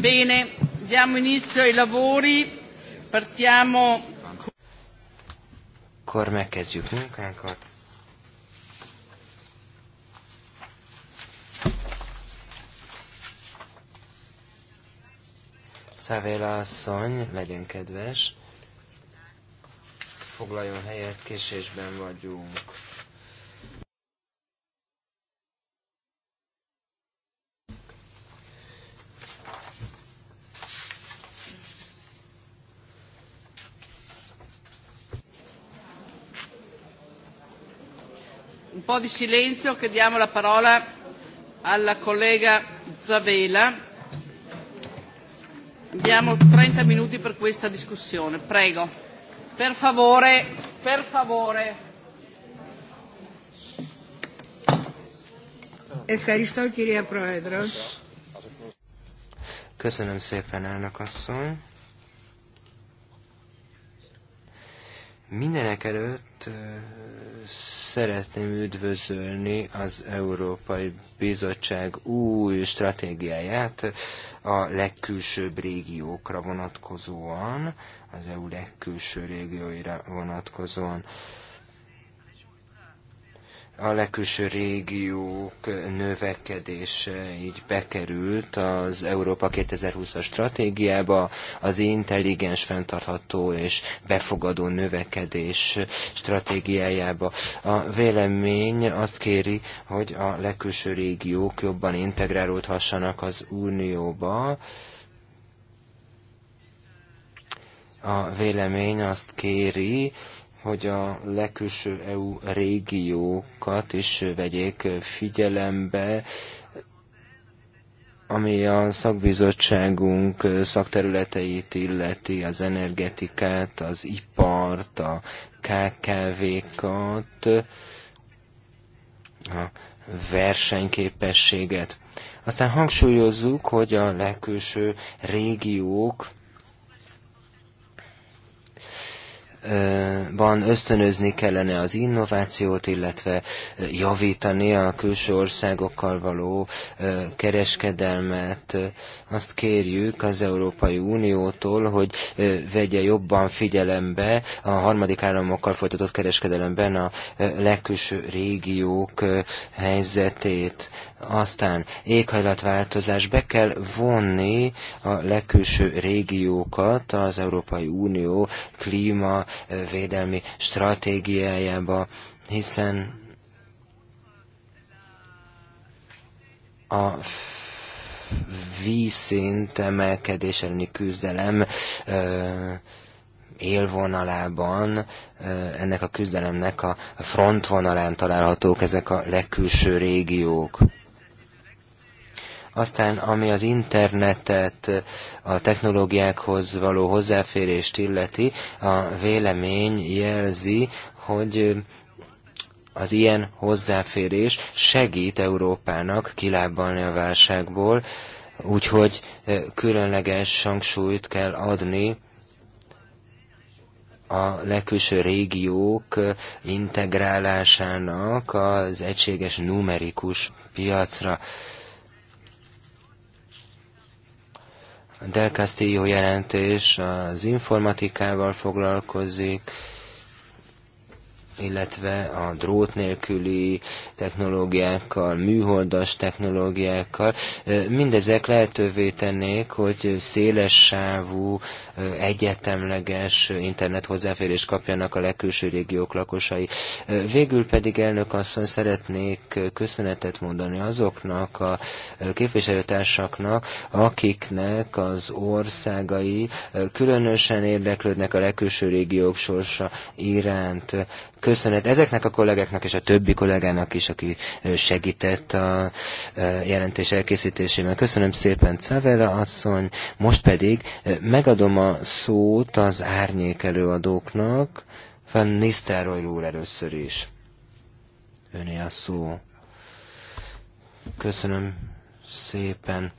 Bene, diamo inizio ai lavori. Partiamo. Akkor megkezdjük munkánkat. Szavéla asszony, legyen kedves, foglaljon helyet, késésben vagyunk. po' di silenzio che diamo la parola alla collega Zavela. Abbiamo 30 minuti per questa discussione. Prego. Per favore, per favore. Ευχαριστώ κυρία Πρόεδρος. Köszönöm szépen, elnök asszony. Mindenek előtt szeretném üdvözölni az Európai Bizottság új stratégiáját a legkülsőbb régiókra vonatkozóan, az EU legkülső régióira vonatkozóan a legkülső régiók növekedése így bekerült az Európa 2020-as stratégiába, az intelligens, fenntartható és befogadó növekedés stratégiájába. A vélemény azt kéri, hogy a legkülső régiók jobban integrálódhassanak az Unióba, a vélemény azt kéri, hogy a legkülső EU régiókat is vegyék figyelembe, ami a szakbizottságunk szakterületeit illeti, az energetikát, az ipart, a KKV-kat, a versenyképességet. Aztán hangsúlyozzuk, hogy a legkülső régiók ban ösztönözni kellene az innovációt, illetve e, javítani a külső országokkal való e, kereskedelmet, azt kérjük az Európai Uniótól, hogy vegye jobban figyelembe a harmadik államokkal folytatott kereskedelemben a legkülső régiók helyzetét. Aztán éghajlatváltozás be kell vonni a legkülső régiókat az Európai Unió klímavédelmi stratégiájába, hiszen a vízszint emelkedés elleni küzdelem élvonalában ennek a küzdelemnek a frontvonalán találhatók ezek a legkülső régiók. Aztán, ami az internetet, a technológiákhoz való hozzáférést illeti, a vélemény jelzi, hogy az ilyen hozzáférés segít Európának kilábalni a válságból, úgyhogy különleges hangsúlyt kell adni a legkülső régiók integrálásának az egységes numerikus piacra. A Del Castillo jelentés az informatikával foglalkozik, illetve a drót nélküli technológiákkal, műholdas technológiákkal. Mindezek lehetővé tennék, hogy széles sávú, egyetemleges internet hozzáférést kapjanak a legkülső régiók lakosai. Végül pedig elnök asszony szeretnék köszönetet mondani azoknak a képviselőtársaknak, akiknek az országai különösen érdeklődnek a legkülső régiók sorsa iránt köszönet ezeknek a kollégáknak és a többi kollégának is, aki segített a jelentés elkészítésében. Köszönöm szépen Cavera asszony, most pedig megadom a szót az árnyék előadóknak, Van Nisztároly úr először is. Öné a szó. Köszönöm szépen,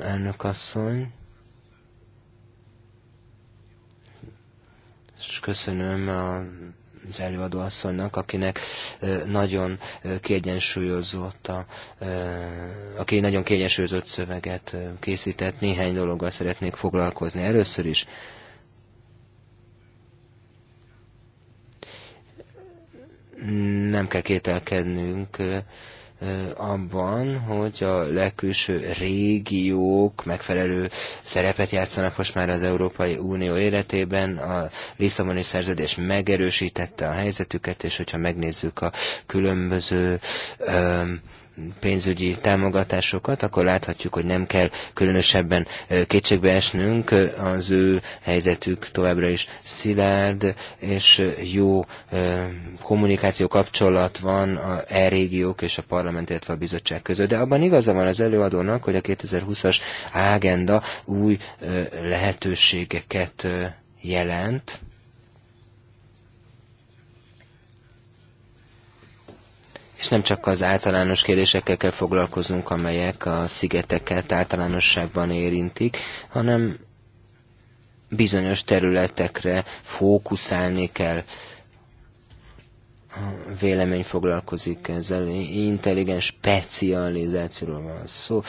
elnök asszony. és köszönöm a az előadóasszonynak, asszonynak, akinek nagyon kiegyensúlyozott a, aki nagyon kiegyensúlyozott szöveget készített, néhány dologgal szeretnék foglalkozni. Először is nem kell kételkednünk abban, hogy a legkülső régiók megfelelő szerepet játszanak most már az Európai Unió életében. A Lisszaboni szerződés megerősítette a helyzetüket, és hogyha megnézzük a különböző öm, pénzügyi támogatásokat, akkor láthatjuk, hogy nem kell különösebben kétségbe esnünk, az ő helyzetük továbbra is szilárd, és jó kommunikáció kapcsolat van a e régiók és a parlament, illetve a bizottság között. De abban igaza van az előadónak, hogy a 2020-as ágenda új lehetőségeket jelent, és nem csak az általános kérdésekkel kell foglalkoznunk, amelyek a szigeteket általánosságban érintik, hanem bizonyos területekre fókuszálni kell. A vélemény foglalkozik ezzel, intelligens specializációról van szó.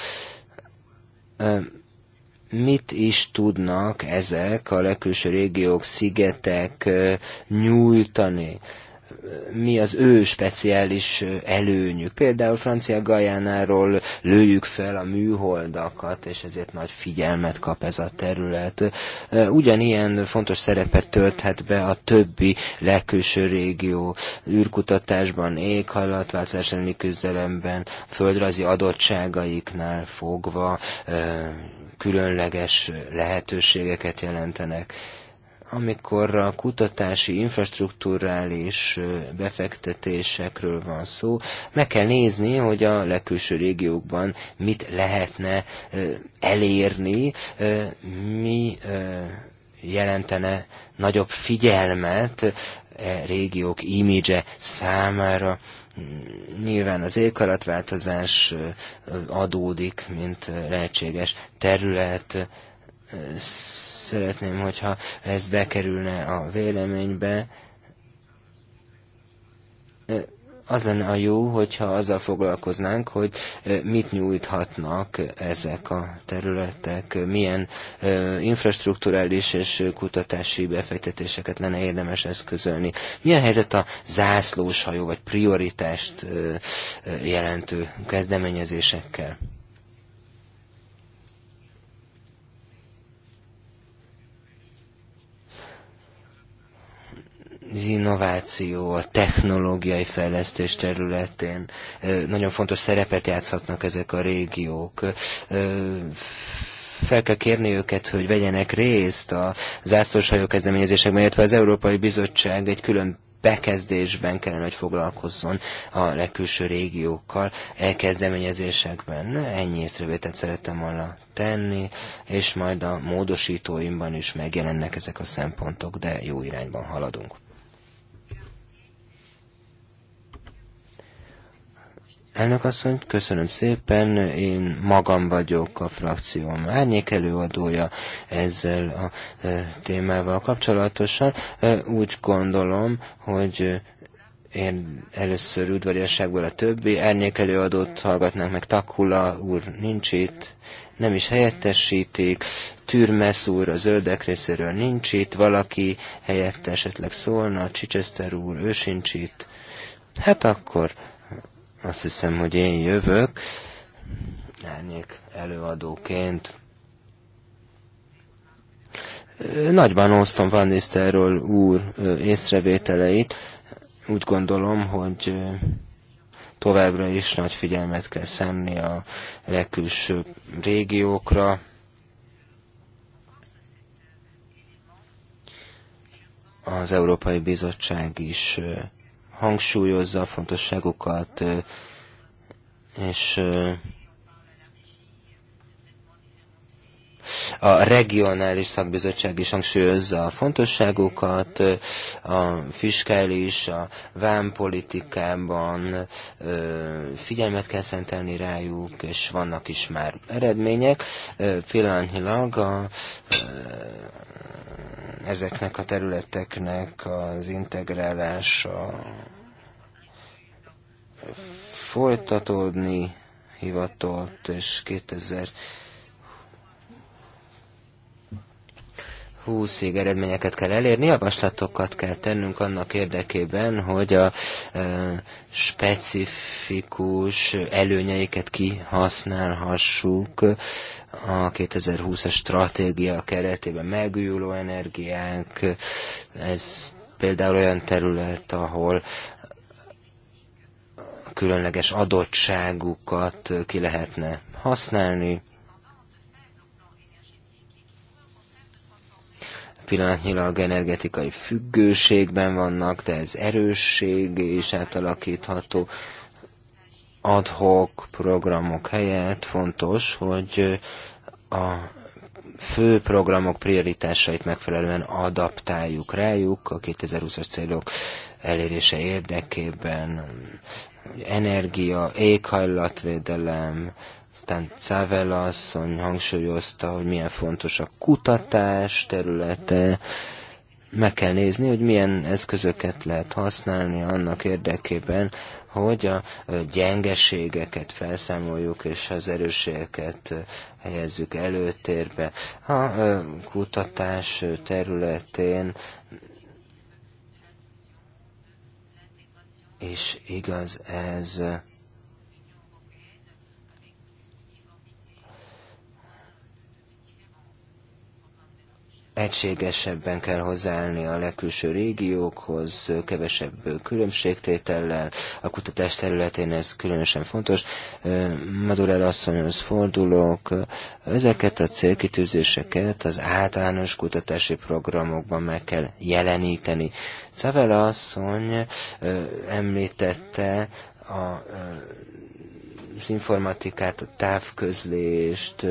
Mit is tudnak ezek a legkülső régiók, szigetek nyújtani? mi az ő speciális előnyük. Például Francia Gajánáról lőjük fel a műholdakat, és ezért nagy figyelmet kap ez a terület. Ugyanilyen fontos szerepet tölthet be a többi legkülső régió űrkutatásban, éghajlatváltozás elleni küzdelemben, földrajzi adottságaiknál fogva különleges lehetőségeket jelentenek amikor a kutatási infrastruktúrális befektetésekről van szó, meg kell nézni, hogy a legkülső régiókban mit lehetne elérni, mi jelentene nagyobb figyelmet e régiók imidzse számára. Nyilván az éghajlatváltozás adódik, mint lehetséges terület, szeretném, hogyha ez bekerülne a véleménybe. Az lenne a jó, hogyha azzal foglalkoznánk, hogy mit nyújthatnak ezek a területek, milyen infrastruktúrális és kutatási befektetéseket lenne érdemes eszközölni. Milyen helyzet a zászlóshajó vagy prioritást jelentő kezdeményezésekkel? az innováció, a technológiai fejlesztés területén nagyon fontos szerepet játszhatnak ezek a régiók. Fel kell kérni őket, hogy vegyenek részt a zászlóshajó kezdeményezésekben, illetve az Európai Bizottság egy külön bekezdésben kellene, hogy foglalkozzon a legkülső régiókkal, elkezdeményezésekben. Ennyi észrevételt szerettem volna tenni, és majd a módosítóimban is megjelennek ezek a szempontok, de jó irányban haladunk. Elnök asszony, köszönöm szépen, én magam vagyok a frakcióm árnyék előadója ezzel a e, témával kapcsolatosan. E, úgy gondolom, hogy én először udvariasságból a többi árnyék előadót hallgatnánk meg, Takula úr nincs itt, nem is helyettesítik, Türmes úr a zöldek részéről nincs itt, valaki helyette esetleg szólna, Csicseszter úr, ő sincs itt. Hát akkor azt hiszem, hogy én jövök. Árnyék előadóként. Nagyban osztom Van Nisterről úr észrevételeit. Úgy gondolom, hogy továbbra is nagy figyelmet kell szenni a legkülső régiókra. Az Európai Bizottság is hangsúlyozza a fontosságukat, és a regionális szakbizottság is hangsúlyozza a fontosságukat, a fiskális, a vámpolitikában figyelmet kell szentelni rájuk, és vannak is már eredmények. Pillanatnyilag a ezeknek a területeknek az integrálása folytatódni hivatott, és 2000 2020-ig eredményeket kell elérni, javaslatokat kell tennünk annak érdekében, hogy a e, specifikus előnyeiket kihasználhassuk a 2020-as stratégia keretében megújuló energiák, ez például olyan terület, ahol különleges adottságukat ki lehetne használni, Pillanatnyilag energetikai függőségben vannak, de ez erősség is átalakítható adhok programok helyett fontos, hogy a fő programok prioritásait megfelelően adaptáljuk rájuk a 2020-as célok elérése érdekében, energia, éghajlatvédelem, aztán Cavella asszony hangsúlyozta, hogy milyen fontos a kutatás területe, meg kell nézni, hogy milyen eszközöket lehet használni annak érdekében, hogy a gyengeségeket felszámoljuk, és az erősségeket helyezzük előtérbe. A kutatás területén és igaz ez egységesebben kell hozzáállni a legkülső régiókhoz, kevesebb különbségtétellel, a kutatás területén ez különösen fontos. Madurell asszonyhoz fordulok, ezeket a célkitűzéseket az általános kutatási programokban meg kell jeleníteni. Cavella asszony említette a, az informatikát, a távközlést,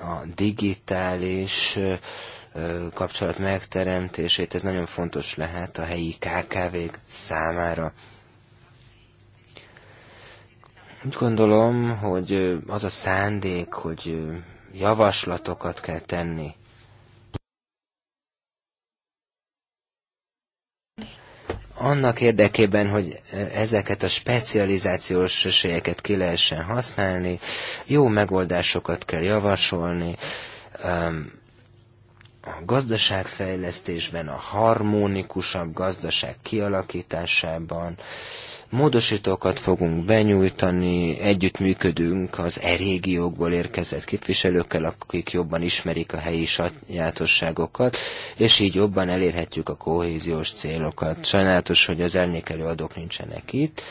a digitális kapcsolat megteremtését, ez nagyon fontos lehet a helyi KKV-k számára. Úgy gondolom, hogy az a szándék, hogy javaslatokat kell tenni. Annak érdekében, hogy ezeket a specializációs esélyeket ki lehessen használni, jó megoldásokat kell javasolni, a gazdaságfejlesztésben, a harmonikusabb gazdaság kialakításában módosítókat fogunk benyújtani, együttműködünk az e-régiókból érkezett képviselőkkel, akik jobban ismerik a helyi sajátosságokat, és így jobban elérhetjük a kohéziós célokat. Sajnálatos, hogy az adók nincsenek itt.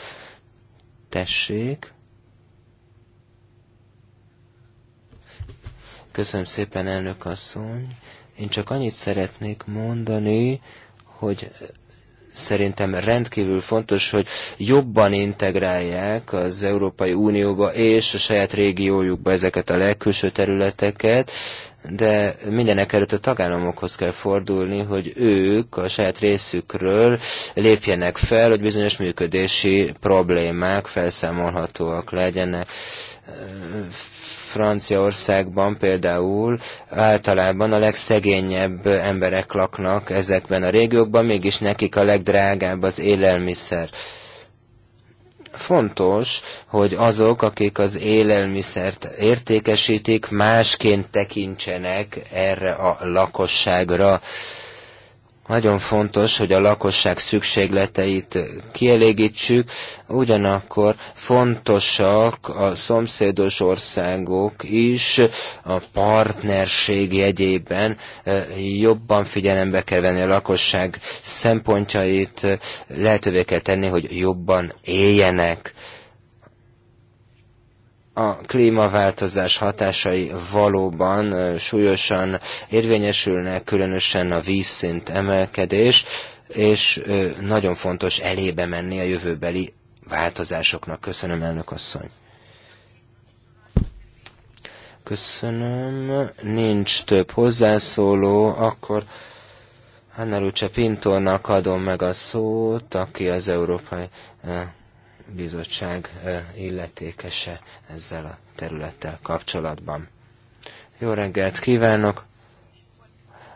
Tessék! Köszönöm szépen, elnök asszony! Én csak annyit szeretnék mondani, hogy szerintem rendkívül fontos, hogy jobban integrálják az Európai Unióba és a saját régiójukba ezeket a legkülső területeket, de mindenek előtt a tagállamokhoz kell fordulni, hogy ők a saját részükről lépjenek fel, hogy bizonyos működési problémák felszámolhatóak legyenek Franciaországban például általában a legszegényebb emberek laknak ezekben a régiókban, mégis nekik a legdrágább az élelmiszer fontos, hogy azok, akik az élelmiszert értékesítik, másként tekintsenek erre a lakosságra. Nagyon fontos, hogy a lakosság szükségleteit kielégítsük, ugyanakkor fontosak a szomszédos országok is a partnerség jegyében jobban figyelembe kell venni a lakosság szempontjait, lehetővé kell tenni, hogy jobban éljenek a klímaváltozás hatásai valóban súlyosan érvényesülnek, különösen a vízszint emelkedés, és nagyon fontos elébe menni a jövőbeli változásoknak. Köszönöm, elnök asszony. Köszönöm. Nincs több hozzászóló, akkor Anna Lucia Pintónak adom meg a szót, aki az Európai bizottság illetékese ezzel a területtel kapcsolatban. Jó reggelt kívánok!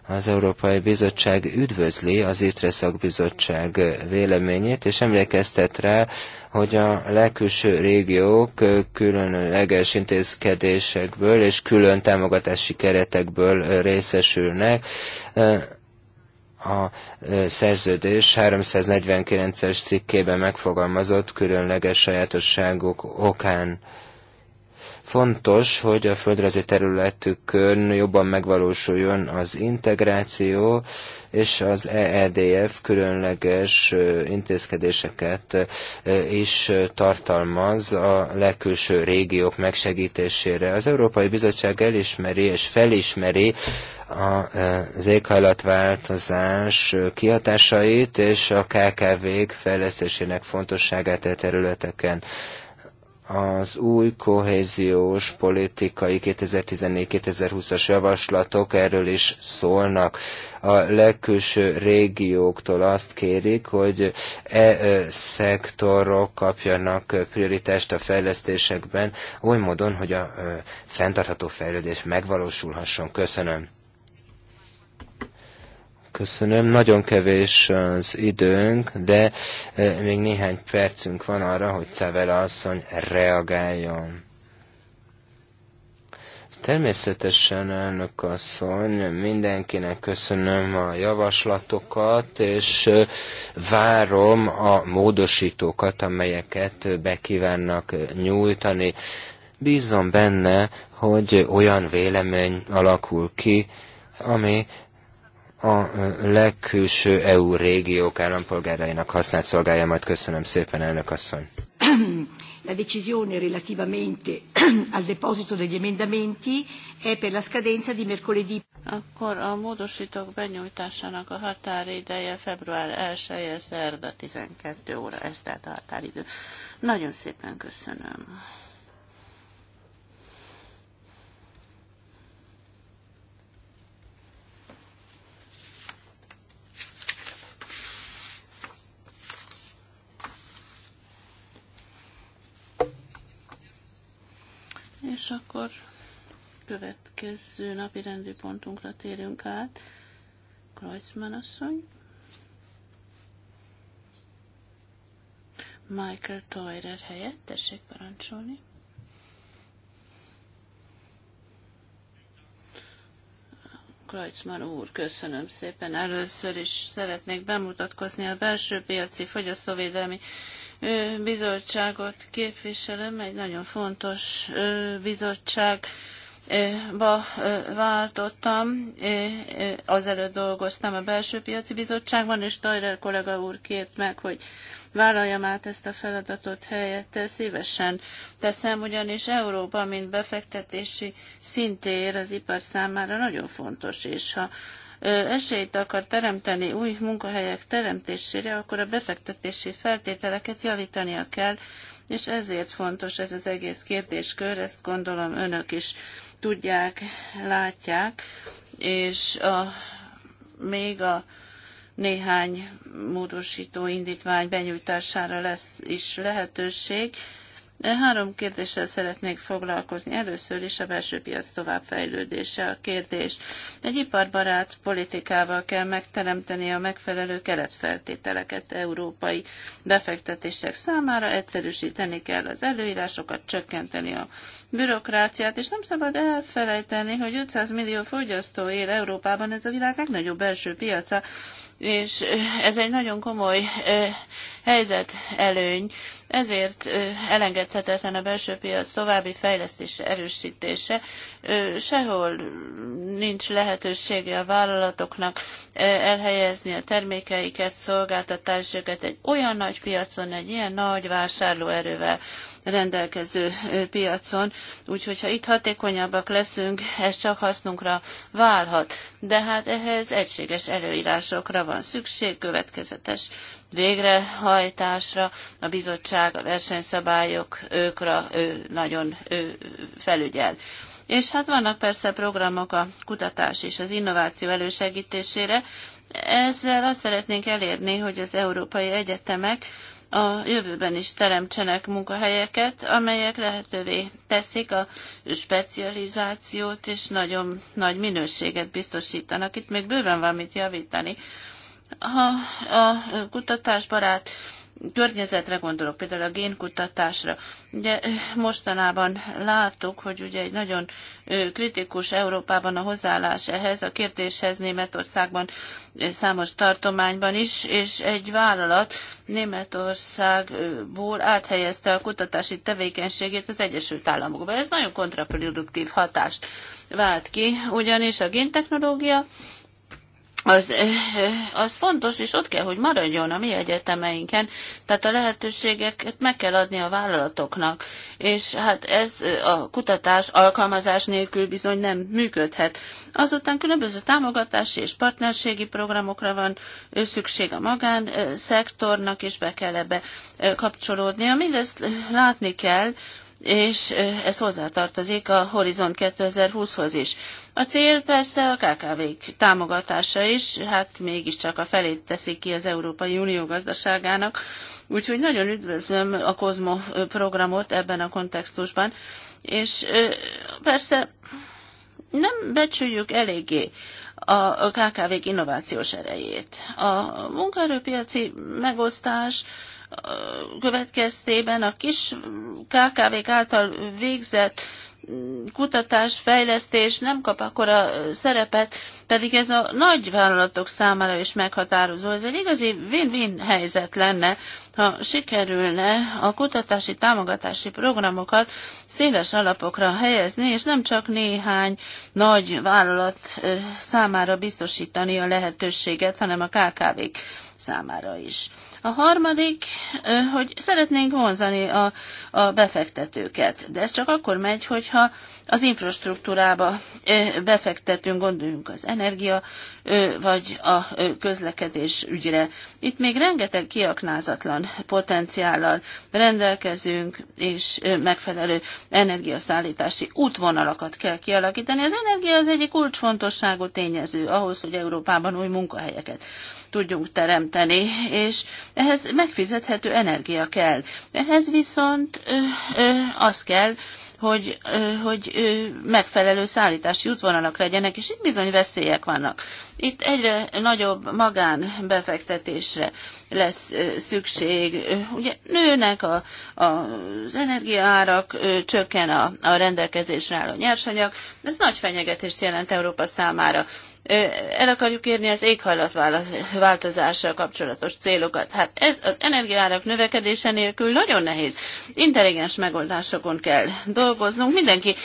Az Európai Bizottság üdvözli az ITRE szakbizottság véleményét, és emlékeztet rá, hogy a legkülső régiók különleges intézkedésekből és külön támogatási keretekből részesülnek a szerződés 349-es cikkében megfogalmazott különleges sajátosságok okán. Fontos, hogy a földrajzi területükön jobban megvalósuljon az integráció, és az EEDF különleges intézkedéseket is tartalmaz a legkülső régiók megsegítésére. Az Európai Bizottság elismeri és felismeri az éghajlatváltozás kihatásait és a KKV-k fejlesztésének fontosságát a e területeken az új kohéziós politikai 2014-2020-as javaslatok erről is szólnak. A legkülső régióktól azt kérik, hogy e szektorok kapjanak prioritást a fejlesztésekben, oly módon, hogy a fenntartható fejlődés megvalósulhasson. Köszönöm. Köszönöm. Nagyon kevés az időnk, de e, még néhány percünk van arra, hogy Cavela asszony reagáljon. Természetesen, elnök asszony, mindenkinek köszönöm a javaslatokat, és e, várom a módosítókat, amelyeket bekívánnak nyújtani. Bízom benne, hogy olyan vélemény alakul ki, ami a legkülső EU régiók állampolgárainak használt szolgálja majd. Köszönöm szépen, elnök asszony. La decisione relativamente al deposito degli emendamenti è per la scadenza di mercoledì. Akkor a módosítók benyújtásának a határideje február 1-e, szerda 12 óra, ez tehát a határidő. Nagyon szépen köszönöm. És akkor következő napi rendi pontunkra térünk át. Kreuzmann asszony. Michael Toyer helyett, tessék parancsolni. Krajcman úr, köszönöm szépen. Először is szeretnék bemutatkozni a belső piaci fogyasztóvédelmi bizottságot képviselem, egy nagyon fontos bizottság ba váltottam, azelőtt dolgoztam a belső piaci bizottságban, és Tajrer kollega úr kért meg, hogy vállaljam át ezt a feladatot helyette, szívesen teszem, ugyanis Európa, mint befektetési szintér az ipar számára nagyon fontos, és ha esélyt akar teremteni új munkahelyek teremtésére, akkor a befektetési feltételeket javítania kell, és ezért fontos ez az egész kérdéskör, ezt gondolom önök is tudják, látják, és a, még a néhány módosító indítvány benyújtására lesz is lehetőség. Három kérdéssel szeretnék foglalkozni. Először is a belső piac továbbfejlődése a kérdés. Egy iparbarát politikával kell megteremteni a megfelelő keretfeltételeket európai befektetések számára, egyszerűsíteni kell az előírásokat, csökkenteni a bürokráciát, és nem szabad elfelejteni, hogy 500 millió fogyasztó él Európában, ez a világ legnagyobb belső piaca, és ez egy nagyon komoly helyzet előny, ezért elengedhetetlen a belső piac további fejlesztése, erősítése, sehol nincs lehetősége a vállalatoknak elhelyezni a termékeiket, szolgáltatásokat egy olyan nagy piacon, egy ilyen nagy vásárlóerővel rendelkező piacon, úgyhogy ha itt hatékonyabbak leszünk, ez csak hasznunkra válhat. De hát ehhez egységes előírásokra van szükség, következetes végrehajtásra, a bizottság a versenyszabályokra nagyon felügyel. És hát vannak persze programok a kutatás és az innováció elősegítésére. Ezzel azt szeretnénk elérni, hogy az európai egyetemek a jövőben is teremtsenek munkahelyeket, amelyek lehetővé teszik a specializációt, és nagyon nagy minőséget biztosítanak. Itt még bőven van mit javítani. Ha a kutatásbarát környezetre gondolok, például a génkutatásra. Ugye eh, mostanában láttuk, hogy ugye egy nagyon eh, kritikus Európában a hozzáállás ehhez, a kérdéshez Németországban eh, számos tartományban is, és egy vállalat Németországból áthelyezte a kutatási tevékenységét az Egyesült Államokba. Ez nagyon kontraproduktív hatást vált ki, ugyanis a géntechnológia az, eh, eh, az fontos, és ott kell, hogy maradjon a mi egyetemeinken, tehát a lehetőségeket meg kell adni a vállalatoknak, és hát ez eh, a kutatás alkalmazás nélkül bizony nem működhet. Azután különböző támogatási és partnerségi programokra van szükség a magánszektornak, és be kell ebbe kapcsolódnia. Mindezt látni kell, és ez hozzátartozik a Horizont 2020-hoz is. A cél persze a KKV-k támogatása is, hát mégiscsak a felét teszik ki az Európai Unió gazdaságának, úgyhogy nagyon üdvözlöm a Kozmo programot ebben a kontextusban, és persze nem becsüljük eléggé a KKV-k innovációs erejét. A munkaerőpiaci megosztás következtében a kis KKV-k által végzett kutatás, fejlesztés nem kap akkora szerepet, pedig ez a nagy vállalatok számára is meghatározó. Ez egy igazi win-win helyzet lenne, ha sikerülne a kutatási támogatási programokat széles alapokra helyezni, és nem csak néhány nagy vállalat számára biztosítani a lehetőséget, hanem a KKV-k számára is. A harmadik, hogy szeretnénk vonzani a, a befektetőket, de ez csak akkor megy, hogyha az infrastruktúrába befektetünk, gondoljunk az energia vagy a közlekedés ügyre. Itt még rengeteg kiaknázatlan potenciállal rendelkezünk, és megfelelő energiaszállítási útvonalakat kell kialakítani. Az energia az egyik kulcsfontosságú tényező ahhoz, hogy Európában új munkahelyeket tudjunk teremteni, és ehhez megfizethető energia kell. Ehhez viszont ö, ö, az kell, hogy, hogy megfelelő szállítási útvonalak legyenek, és itt bizony veszélyek vannak. Itt egyre nagyobb magánbefektetésre lesz szükség. Ugye nőnek a, a, az energiaárak, csökken a, a rendelkezésre álló nyersanyag, ez nagy fenyegetést jelent Európa számára el akarjuk érni az éghajlatváltozással kapcsolatos célokat. Hát ez az energiárak növekedése nélkül nagyon nehéz. Intelligens megoldásokon kell dolgoznunk. Mindenki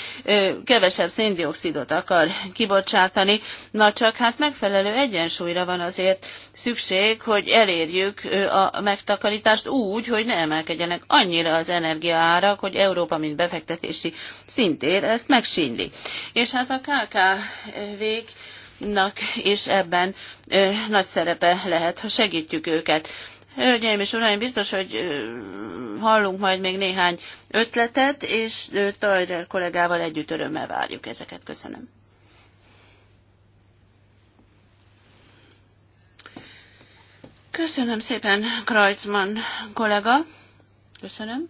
kevesebb széndiokszidot akar kibocsátani, na csak hát megfelelő egyensúlyra van azért szükség, hogy elérjük a megtakarítást úgy, hogy ne emelkedjenek annyira az energiaárak, hogy Európa, mint befektetési szintér, ezt megsínyli. És hát a KKV-k nak és ebben ö, nagy szerepe lehet, ha segítjük őket. Hölgyeim és uraim, biztos, hogy ö, hallunk majd még néhány ötletet, és Tajder kollégával együtt örömmel várjuk ezeket. Köszönöm. Köszönöm szépen, Krajcman kollega. Köszönöm.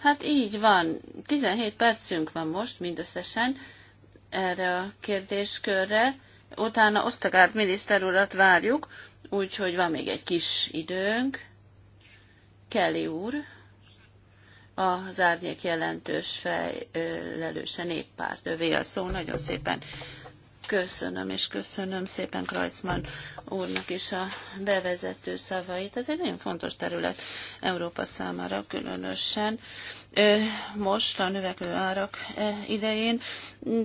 Hát így van. 17 percünk van most mindösszesen erre a kérdéskörre. Utána Osztagárd miniszter urat várjuk, úgyhogy van még egy kis időnk. Kelly úr, az árnyék jelentős fejlelőse néppárt, övé a szó, nagyon szépen köszönöm, és köszönöm szépen Krajcman úrnak is a bevezető szavait. Ez egy nagyon fontos terület Európa számára különösen, most a növekvő árak idején.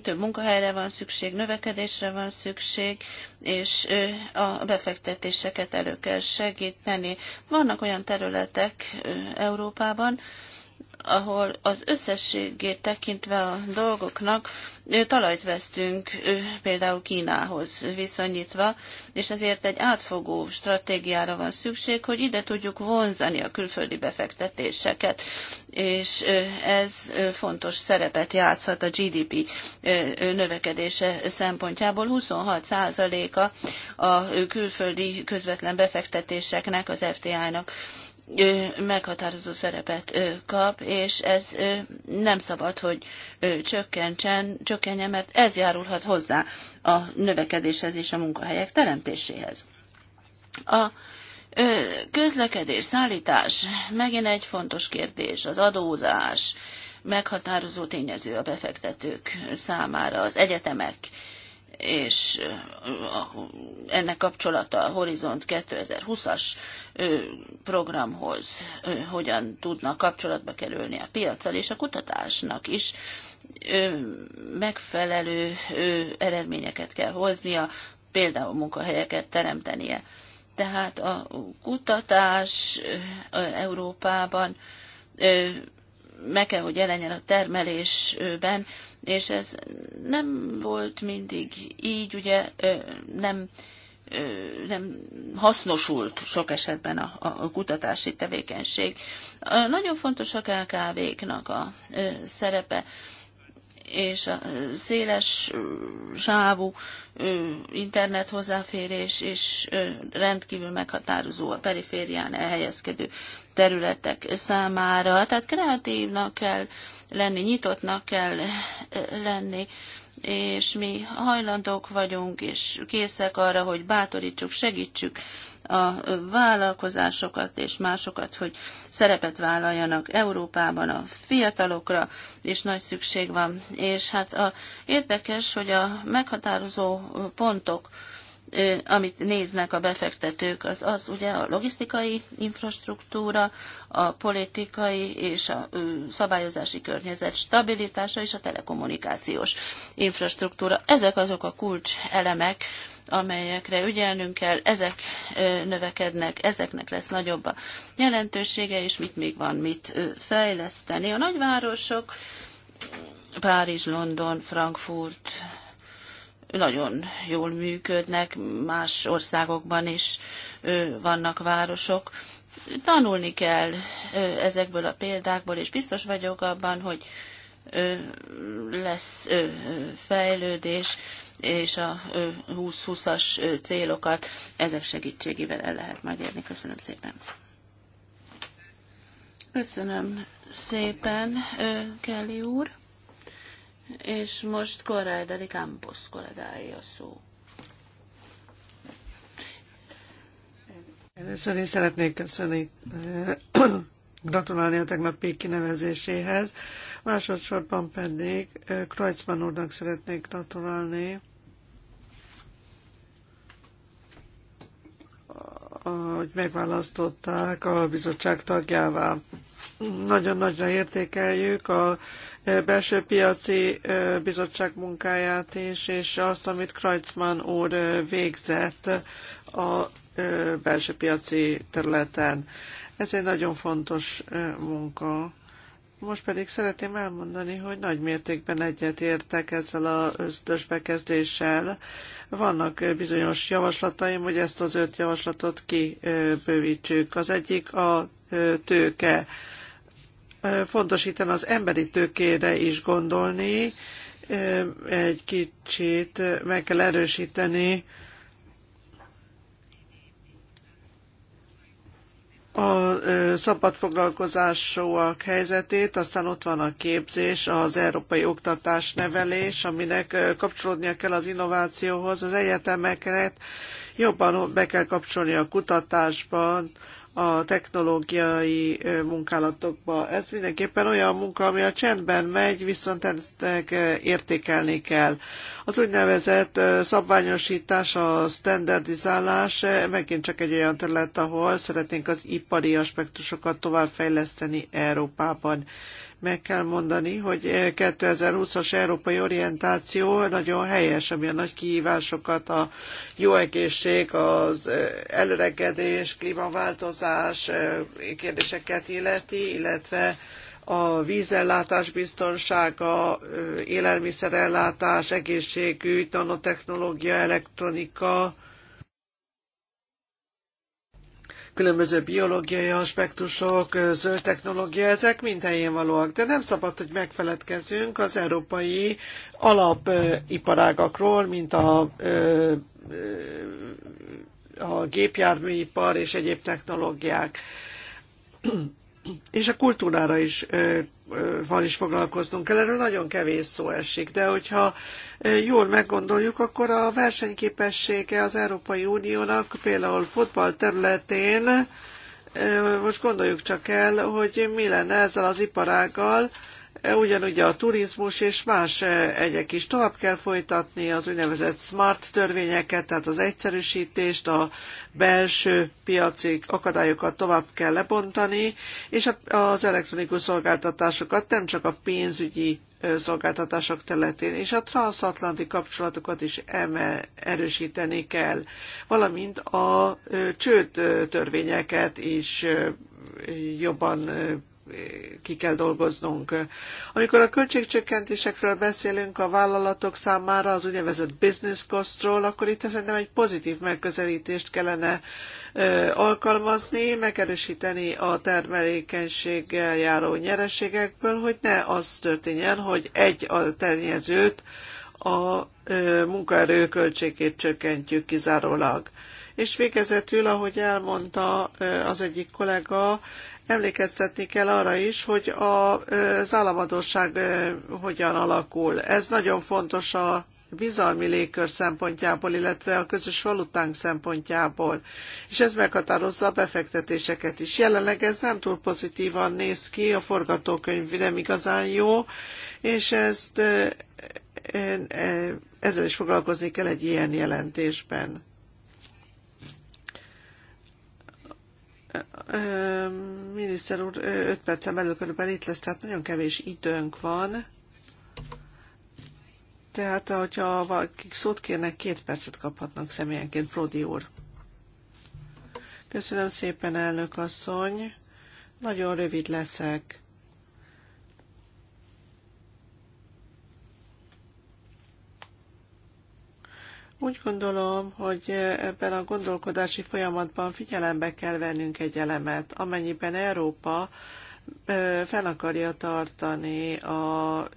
Több munkahelyre van szükség, növekedésre van szükség, és a befektetéseket elő kell segíteni. Vannak olyan területek Európában, ahol az összességét tekintve a dolgoknak talajt vesztünk például Kínához viszonyítva, és ezért egy átfogó stratégiára van szükség, hogy ide tudjuk vonzani a külföldi befektetéseket, és ez fontos szerepet játszhat a GDP növekedése szempontjából. 26%-a a külföldi közvetlen befektetéseknek, az FTI-nak meghatározó szerepet kap, és ez nem szabad, hogy csökkentsen, csökkenjen, mert ez járulhat hozzá a növekedéshez és a munkahelyek teremtéséhez. A közlekedés, szállítás, megint egy fontos kérdés, az adózás, meghatározó tényező a befektetők számára, az egyetemek, és ennek kapcsolata a Horizont 2020-as programhoz hogyan tudnak kapcsolatba kerülni a piacsal és a kutatásnak is megfelelő eredményeket kell hoznia, például munkahelyeket teremtenie. Tehát a kutatás Európában meg kell, hogy jelenjen a termelésben, és ez nem volt mindig így, ugye nem, nem hasznosult sok esetben a, a kutatási tevékenység. Nagyon fontos a KKV-knak a szerepe és a széles sávú internet hozzáférés és rendkívül meghatározó a periférián elhelyezkedő területek számára. Tehát kreatívnak kell lenni, nyitottnak kell lenni, és mi hajlandók vagyunk, és készek arra, hogy bátorítsuk, segítsük a vállalkozásokat és másokat, hogy szerepet vállaljanak Európában a fiatalokra, és nagy szükség van. És hát a, érdekes, hogy a meghatározó pontok, amit néznek a befektetők, az az ugye a logisztikai infrastruktúra, a politikai és a szabályozási környezet stabilitása és a telekommunikációs infrastruktúra. Ezek azok a kulcselemek, elemek, amelyekre ügyelnünk kell, ezek növekednek, ezeknek lesz nagyobb a jelentősége, és mit még van, mit fejleszteni. A nagyvárosok, Párizs, London, Frankfurt, nagyon jól működnek, más országokban is vannak városok. Tanulni kell ezekből a példákból, és biztos vagyok abban, hogy lesz fejlődés, és a 20-20-as célokat ezek segítségével el lehet majd érni. Köszönöm szépen. Köszönöm szépen, Kelly úr. És most Corrada de Campos kollégái a szó. Először is szeretnék köszönni, gratulálni a tegnapi kinevezéséhez. Másodszorban pedig Kreuzmann úrnak szeretnék gratulálni hogy megválasztották a bizottság tagjává. Nagyon nagyra értékeljük a e, belső piaci e, bizottság munkáját is, és azt, amit Kreutzmann úr e, végzett a belső piaci területen. Ez egy nagyon fontos munka. Most pedig szeretném elmondani, hogy nagy mértékben értek ezzel az ösztös bekezdéssel. Vannak bizonyos javaslataim, hogy ezt az öt javaslatot kibővítsük. Az egyik a tőke. Fontos itt az emberi tőkére is gondolni, egy kicsit meg kell erősíteni a szabadfoglalkozásúak helyzetét, aztán ott van a képzés, az európai oktatás nevelés, aminek kapcsolódnia kell az innovációhoz, az egyetemeket jobban be kell kapcsolni a kutatásban, a technológiai munkálatokba. Ez mindenképpen olyan munka, ami a csendben megy, viszont ezt értékelni kell. Az úgynevezett szabványosítás, a standardizálás megint csak egy olyan terület, ahol szeretnénk az ipari aspektusokat továbbfejleszteni Európában meg kell mondani, hogy 2020-as eh, európai orientáció nagyon helyes, ami a nagy kihívásokat, a jó egészség, az eh, előregedés, klímaváltozás eh, kérdéseket illeti, illetve a vízellátás biztonsága, élelmiszerellátás, egészségügy, nanotechnológia, elektronika, különböző biológiai aspektusok, zöld technológia, ezek mind helyén valóak, de nem szabad, hogy megfeledkezzünk az európai alapiparágakról, mint a a gépjárműipar és egyéb technológiák. És a kultúrára is val is foglalkoznunk kell. Erről nagyon kevés szó esik, de hogyha jól meggondoljuk, akkor a versenyképessége az Európai Uniónak például futball területén most gondoljuk csak el, hogy mi lenne ezzel az iparággal, ugyanúgy a turizmus és más eh, egyek is tovább kell folytatni az úgynevezett smart törvényeket, tehát az egyszerűsítést, a belső piaci akadályokat tovább kell lebontani, és az elektronikus szolgáltatásokat nem csak a pénzügyi szolgáltatások területén, és a transatlanti kapcsolatokat is eme erősíteni kell, valamint a csőd törvényeket is jobban ki kell dolgoznunk. Amikor a költségcsökkentésekről beszélünk a vállalatok számára, az úgynevezett business costról, akkor itt szerintem egy pozitív megközelítést kellene alkalmazni, megerősíteni a termelékenységgel járó nyereségekből, hogy ne az történjen, hogy egy a tényezőt a munkaerő költségét csökkentjük kizárólag. És végezetül, ahogy elmondta az egyik kollega, emlékeztetni kell arra is, hogy az államadóság hogyan alakul. Ez nagyon fontos a bizalmi légkör szempontjából, illetve a közös valutánk szempontjából. És ez meghatározza a befektetéseket is. Jelenleg ez nem túl pozitívan néz ki, a forgatókönyv nem igazán jó, és ezt ezzel is foglalkozni kell egy ilyen jelentésben. Miniszter úr, 5 percen belül körülbelül itt lesz, tehát nagyon kevés időnk van. Tehát, hogyha valakik szót kérnek, két percet kaphatnak személyenként, Prodi úr. Köszönöm szépen, elnök asszony. Nagyon rövid leszek. Úgy gondolom, hogy ebben a gondolkodási folyamatban figyelembe kell vennünk egy elemet, amennyiben Európa fel akarja tartani a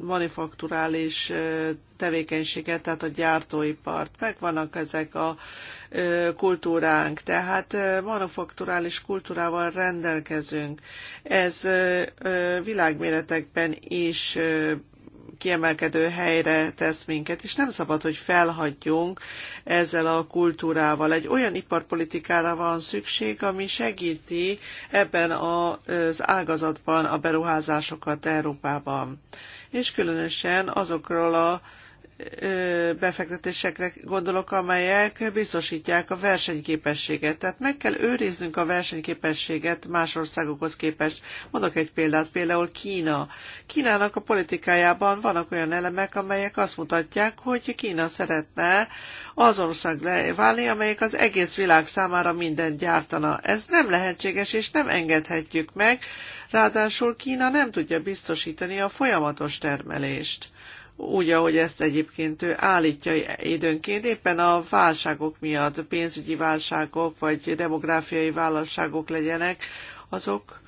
manufakturális tevékenységet, tehát a gyártóipart. Megvannak ezek a kultúránk, tehát manufakturális kultúrával rendelkezünk. Ez világméretekben is kiemelkedő helyre tesz minket, és nem szabad, hogy felhagyjunk ezzel a kultúrával. Egy olyan iparpolitikára van szükség, ami segíti ebben az ágazatban a beruházásokat Európában. És különösen azokról a befektetésekre gondolok, amelyek biztosítják a versenyképességet. Tehát meg kell őriznünk a versenyképességet más országokhoz képest. Mondok egy példát, például Kína. Kínának a politikájában vannak olyan elemek, amelyek azt mutatják, hogy Kína szeretne az ország válni, amelyik az egész világ számára mindent gyártana. Ez nem lehetséges, és nem engedhetjük meg. Ráadásul Kína nem tudja biztosítani a folyamatos termelést úgy, ahogy ezt egyébként ő állítja időnként, éppen a válságok miatt, a pénzügyi válságok, vagy demográfiai válságok legyenek, azok,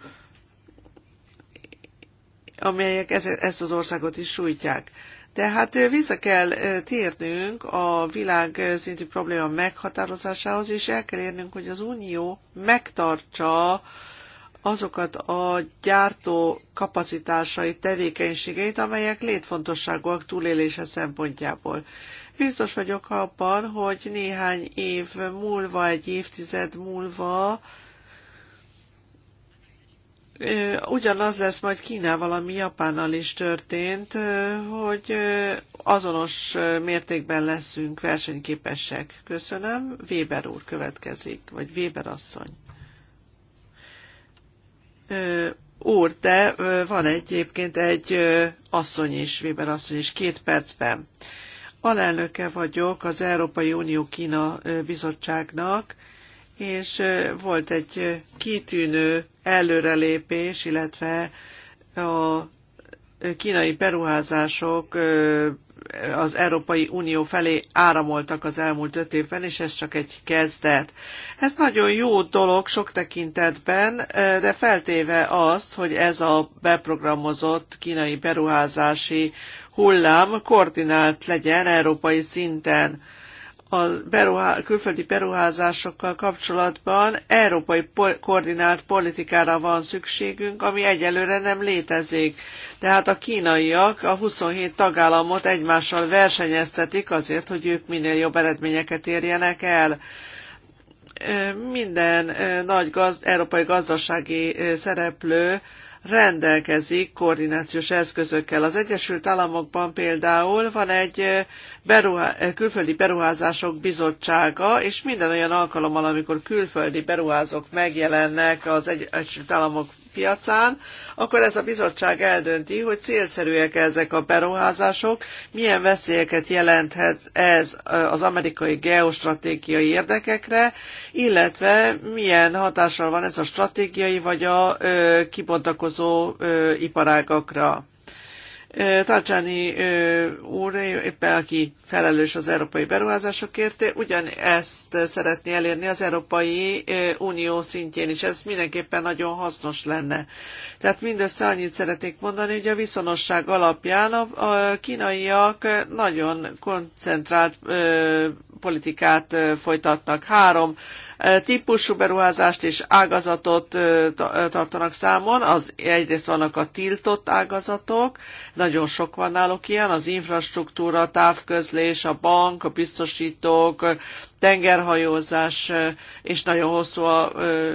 amelyek ezt az országot is sújtják. De hát vissza kell térnünk a világ szintű probléma meghatározásához, és el kell érnünk, hogy az Unió megtartsa azokat a gyártó kapacitásai tevékenységeit, amelyek létfontosságúak túlélése szempontjából. Biztos vagyok abban, hogy néhány év múlva, egy évtized múlva ugyanaz lesz majd Kínával, ami Japánnal is történt, hogy azonos mértékben leszünk versenyképesek. Köszönöm. Weber úr következik, vagy Weber asszony úr, de van egyébként egy asszony is, Weber asszony is, két percben. Alelnöke vagyok az Európai Unió Kína Bizottságnak, és volt egy kitűnő előrelépés, illetve a kínai beruházások az Európai Unió felé áramoltak az elmúlt öt évben, és ez csak egy kezdet. Ez nagyon jó dolog sok tekintetben, de feltéve azt, hogy ez a beprogramozott kínai beruházási hullám koordinált legyen európai szinten a beruhá, külföldi beruházásokkal kapcsolatban európai pol, koordinált politikára van szükségünk, ami egyelőre nem létezik. Tehát a kínaiak a 27 tagállamot egymással versenyeztetik azért, hogy ők minél jobb eredményeket érjenek el minden nagy gaz, európai gazdasági szereplő rendelkezik koordinációs eszközökkel. Az Egyesült Államokban például van egy eh, beruha- eh, külföldi beruházások bizottsága, és minden olyan alkalommal, amikor külföldi beruházók megjelennek az Egyesült Államok piacán, akkor ez a bizottság eldönti, hogy célszerűek ezek a beruházások, milyen veszélyeket jelenthet ez az amerikai geostratégiai érdekekre, illetve milyen hatással van ez a stratégiai vagy a kibontakozó iparágakra. Tarcsányi úr, éppen aki felelős az európai beruházásokért, ugyanezt szeretné elérni az Európai Unió szintjén is. Ez mindenképpen nagyon hasznos lenne. Tehát mindössze annyit szeretnék mondani, hogy a viszonosság alapján a kínaiak nagyon koncentrált politikát folytatnak. Három típusú beruházást és ágazatot tartanak számon. Az egyrészt vannak a tiltott ágazatok, nagyon sok van náluk ilyen, az infrastruktúra, távközlés, a bank, a biztosítók, tengerhajózás, és nagyon hosszú, a,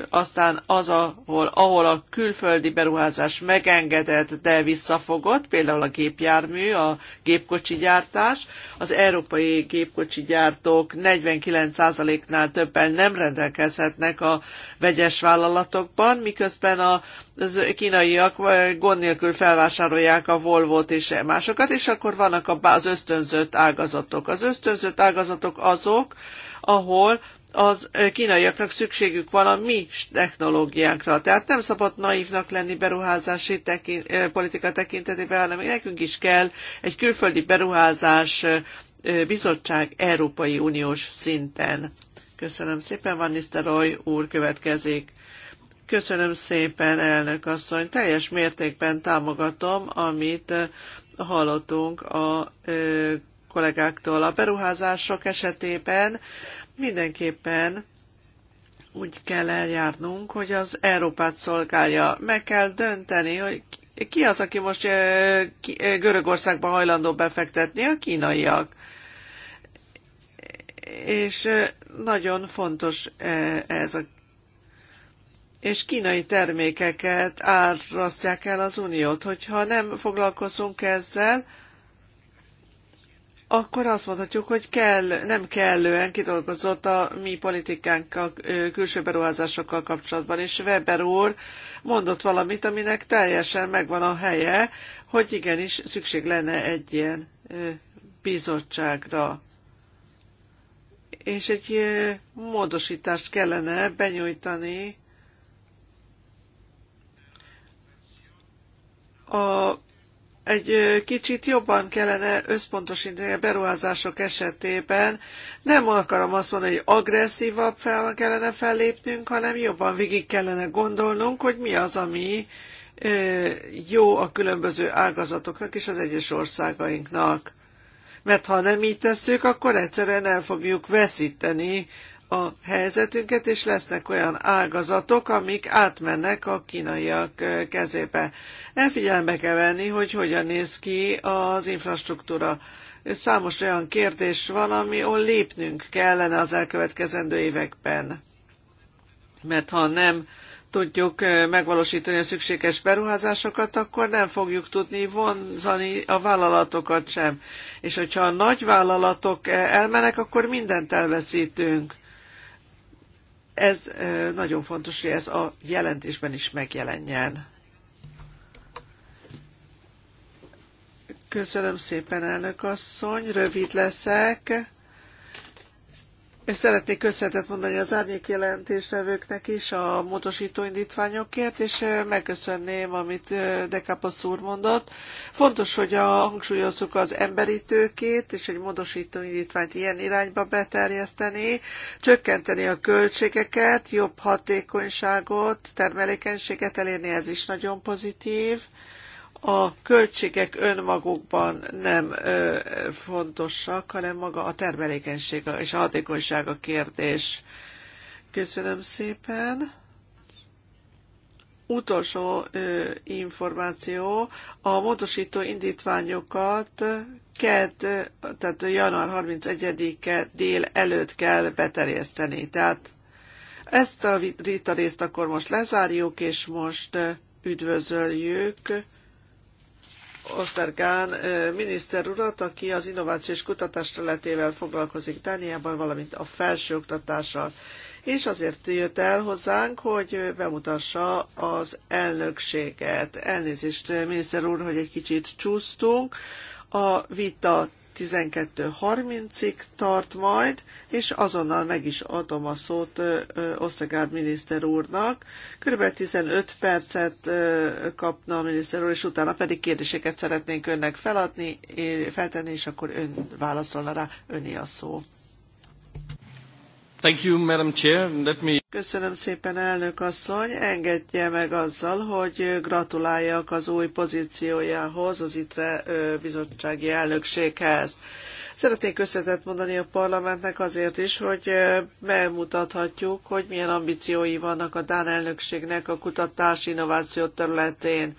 aztán az, ahol, ahol a külföldi beruházás megengedett, de visszafogott, például a gépjármű, a gépkocsi gyártás, az európai gépkocsi gyártók 49%-nál többen nem rendelkezhetnek a vegyes vállalatokban, miközben a az kínaiak gond nélkül felvásárolják a Volvo-t és másokat, és akkor vannak az ösztönzött ágazatok. Az ösztönzött ágazatok azok, ahol az kínaiaknak szükségük van a mi technológiánkra. Tehát nem szabad naívnak lenni beruházási tekint, politika tekintetében, hanem nekünk is kell egy külföldi beruházás bizottság Európai Uniós szinten. Köszönöm szépen, Van Nisztelrooy úr következik. Köszönöm szépen, elnök asszony. Teljes mértékben támogatom, amit eh, hallottunk a eh, kollégáktól. A beruházások esetében mindenképpen úgy kell eljárnunk, hogy az Európát szolgálja. Meg kell dönteni, hogy ki az, aki most eh, Görögországban hajlandó befektetni? A kínaiak. És nagyon fontos ez a és kínai termékeket árasztják el az Uniót. Hogyha nem foglalkozunk ezzel, akkor azt mondhatjuk, hogy kell, nem kellően kidolgozott a mi politikánk a külső beruházásokkal kapcsolatban, és Weber úr mondott valamit, aminek teljesen megvan a helye, hogy igenis szükség lenne egy ilyen bizottságra. És egy módosítást kellene benyújtani a, egy kicsit jobban kellene összpontosítani a beruházások esetében. Nem akarom azt mondani, hogy agresszívabb fel kellene fellépnünk, hanem jobban végig kellene gondolnunk, hogy mi az, ami jó a különböző ágazatoknak és az egyes országainknak. Mert ha nem így tesszük, akkor egyszerűen el fogjuk veszíteni a helyzetünket, és lesznek olyan ágazatok, amik átmennek a kínaiak kezébe. Elfigyelembe kell venni, hogy hogyan néz ki az infrastruktúra. Számos olyan kérdés van, ahol lépnünk kellene az elkövetkezendő években. Mert ha nem tudjuk megvalósítani a szükséges beruházásokat, akkor nem fogjuk tudni vonzani a vállalatokat sem. És hogyha a nagy vállalatok elmenek, akkor mindent elveszítünk. Ez nagyon fontos, hogy ez a jelentésben is megjelenjen. Köszönöm szépen, elnök asszony, rövid leszek és szeretnék köszönetet mondani az árnyék jelentéstevőknek is a módosító indítványokért, és megköszönném, amit Dekaposz úr mondott. Fontos, hogy a, hangsúlyozzuk az emberi tőkét, és egy módosító indítványt ilyen irányba beterjeszteni, csökkenteni a költségeket, jobb hatékonyságot, termelékenységet elérni, ez is nagyon pozitív a költségek önmagukban nem ö, fontosak, hanem maga a termelékenység és a hatékonyság a kérdés. Köszönöm szépen. Utolsó ö, információ, a módosító indítványokat ked, tehát január 31-e dél előtt kell beterjeszteni. Tehát ezt a vita részt akkor most lezárjuk, és most üdvözöljük Osztergán miniszter urat, aki az innováció és kutatás területével foglalkozik Dániában, valamint a felsőoktatással. És azért jött el hozzánk, hogy bemutassa az elnökséget. Elnézést, miniszter úr, hogy egy kicsit csúsztunk. A vita 12.30-ig tart majd, és azonnal meg is adom a szót Oszegárd miniszter úrnak. Körülbelül 15 percet kapna a miniszter úr, és utána pedig kérdéseket szeretnénk önnek feladni, feltenni, és akkor ön válaszolna rá, öné a szó. Thank you, Madam Chair. Let me... Köszönöm szépen, elnök asszony. Engedje meg azzal, hogy gratuláljak az új pozíciójához, az ITRE bizottsági elnökséghez. Szeretnék köszönetet mondani a parlamentnek azért is, hogy megmutathatjuk, hogy milyen ambíciói vannak a Dán elnökségnek a kutatás innováció területén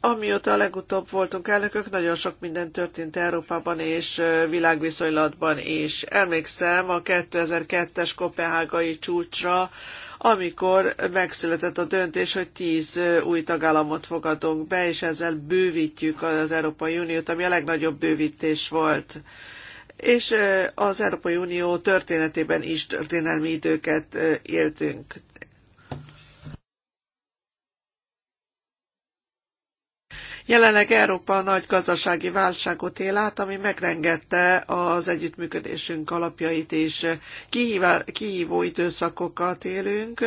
Amióta a legutóbb voltunk elnökök, nagyon sok minden történt Európában és világviszonylatban is. Emlékszem a 2002-es kopenhágai csúcsra, amikor megszületett a döntés, hogy tíz új tagállamot fogadunk be, és ezzel bővítjük az Európai Uniót, ami a legnagyobb bővítés volt. És az Európai Unió történetében is történelmi időket éltünk Jelenleg Európa nagy gazdasági válságot él át, ami megrengette az együttműködésünk alapjait is. Kihívá, kihívó időszakokat élünk,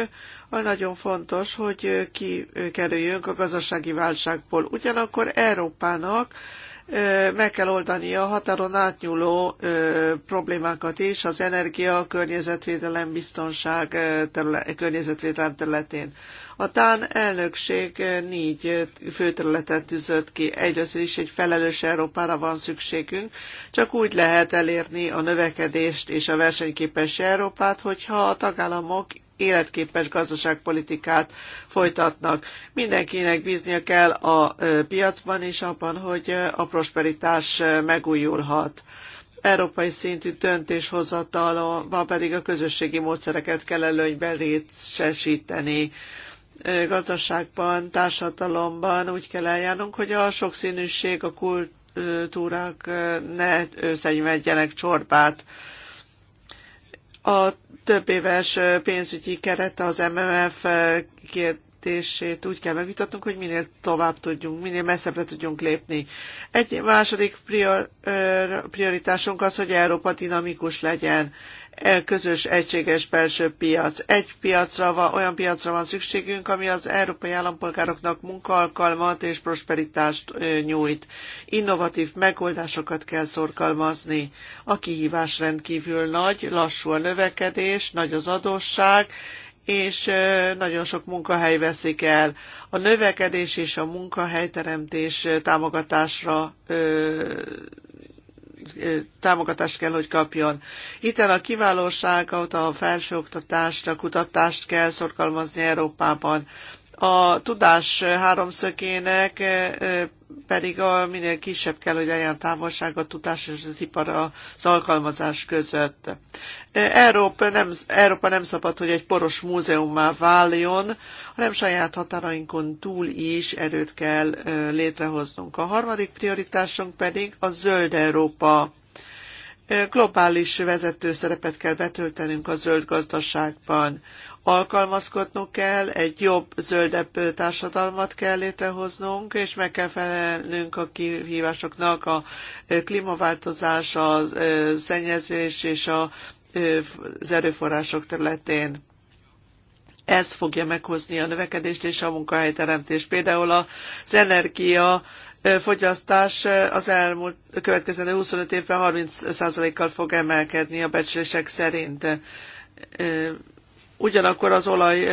nagyon fontos, hogy kikerüljünk a gazdasági válságból. Ugyanakkor Európának meg kell oldania a határon átnyúló problémákat is az energia, környezetvédelem, biztonság, terület, környezetvédelem területén. A Dán elnökség négy főterületet tűzött ki. Egyrészt is egy felelős Európára van szükségünk, csak úgy lehet elérni a növekedést és a versenyképes Európát, hogyha a tagállamok életképes gazdaságpolitikát folytatnak. Mindenkinek bíznia kell a piacban és abban, hogy a prosperitás megújulhat. Európai szintű döntéshozatalban pedig a közösségi módszereket kell előnyben részesíteni gazdaságban, társadalomban úgy kell eljárnunk, hogy a sokszínűség, a kultúrák ne összenyvedjenek csorbát. A több éves pénzügyi keret az MMF kérdését úgy kell megvitatnunk, hogy minél tovább tudjunk, minél messzebbre tudjunk lépni. Egy második prior, prioritásunk az, hogy Európa dinamikus legyen. E, közös egységes belső piac. Egy piacra van, olyan piacra van szükségünk, ami az európai állampolgároknak munkaalkalmat és prosperitást nyújt. Innovatív megoldásokat kell szorgalmazni. A kihívás rendkívül nagy, lassú a növekedés, nagy az adósság, és nagyon sok munkahely veszik el. A növekedés és a munkahelyteremtés támogatásra támogatást kell, hogy kapjon. Itt a kiválóságot, a felsőoktatást, a kutatást kell szorgalmazni Európában. A tudás háromszökének pedig a minél kisebb kell, hogy legyen távolság a tudás és az ipar az alkalmazás között. E, Európa nem, Európa nem szabad, hogy egy poros múzeummá váljon, hanem saját határainkon túl is erőt kell e, létrehoznunk. A harmadik prioritásunk pedig a zöld Európa. E, globális vezető szerepet kell betöltenünk a zöld gazdaságban alkalmazkodnunk kell, egy jobb, zöldebb társadalmat kell létrehoznunk, és meg kell felelnünk a kihívásoknak a klímaváltozás, a szennyezés és a, az erőforrások területén ez fogja meghozni a növekedést és a munkahelyteremtést. Például az energia fogyasztás az elmúlt következő 25 évben 30%-kal fog emelkedni a becslések szerint ugyanakkor az olaj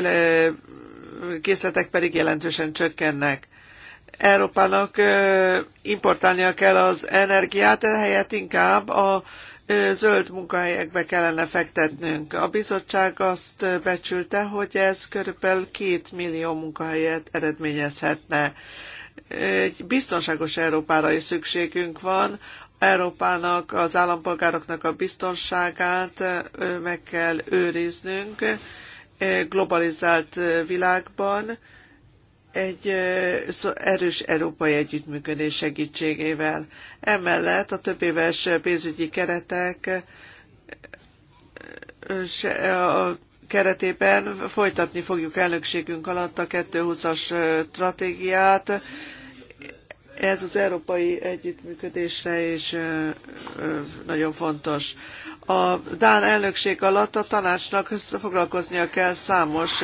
készletek pedig jelentősen csökkennek. Európának importálnia kell az energiát, ehelyett inkább a zöld munkahelyekbe kellene fektetnünk. A bizottság azt becsülte, hogy ez körülbelül két millió munkahelyet eredményezhetne. Egy biztonságos Európára is szükségünk van, Európának, az állampolgároknak a biztonságát meg kell őriznünk globalizált világban egy erős európai együttműködés segítségével. Emellett a több éves pénzügyi keretek keretében folytatni fogjuk elnökségünk alatt a 2020-as stratégiát, ez az európai együttműködésre is nagyon fontos. A Dán elnökség alatt a tanácsnak foglalkoznia kell számos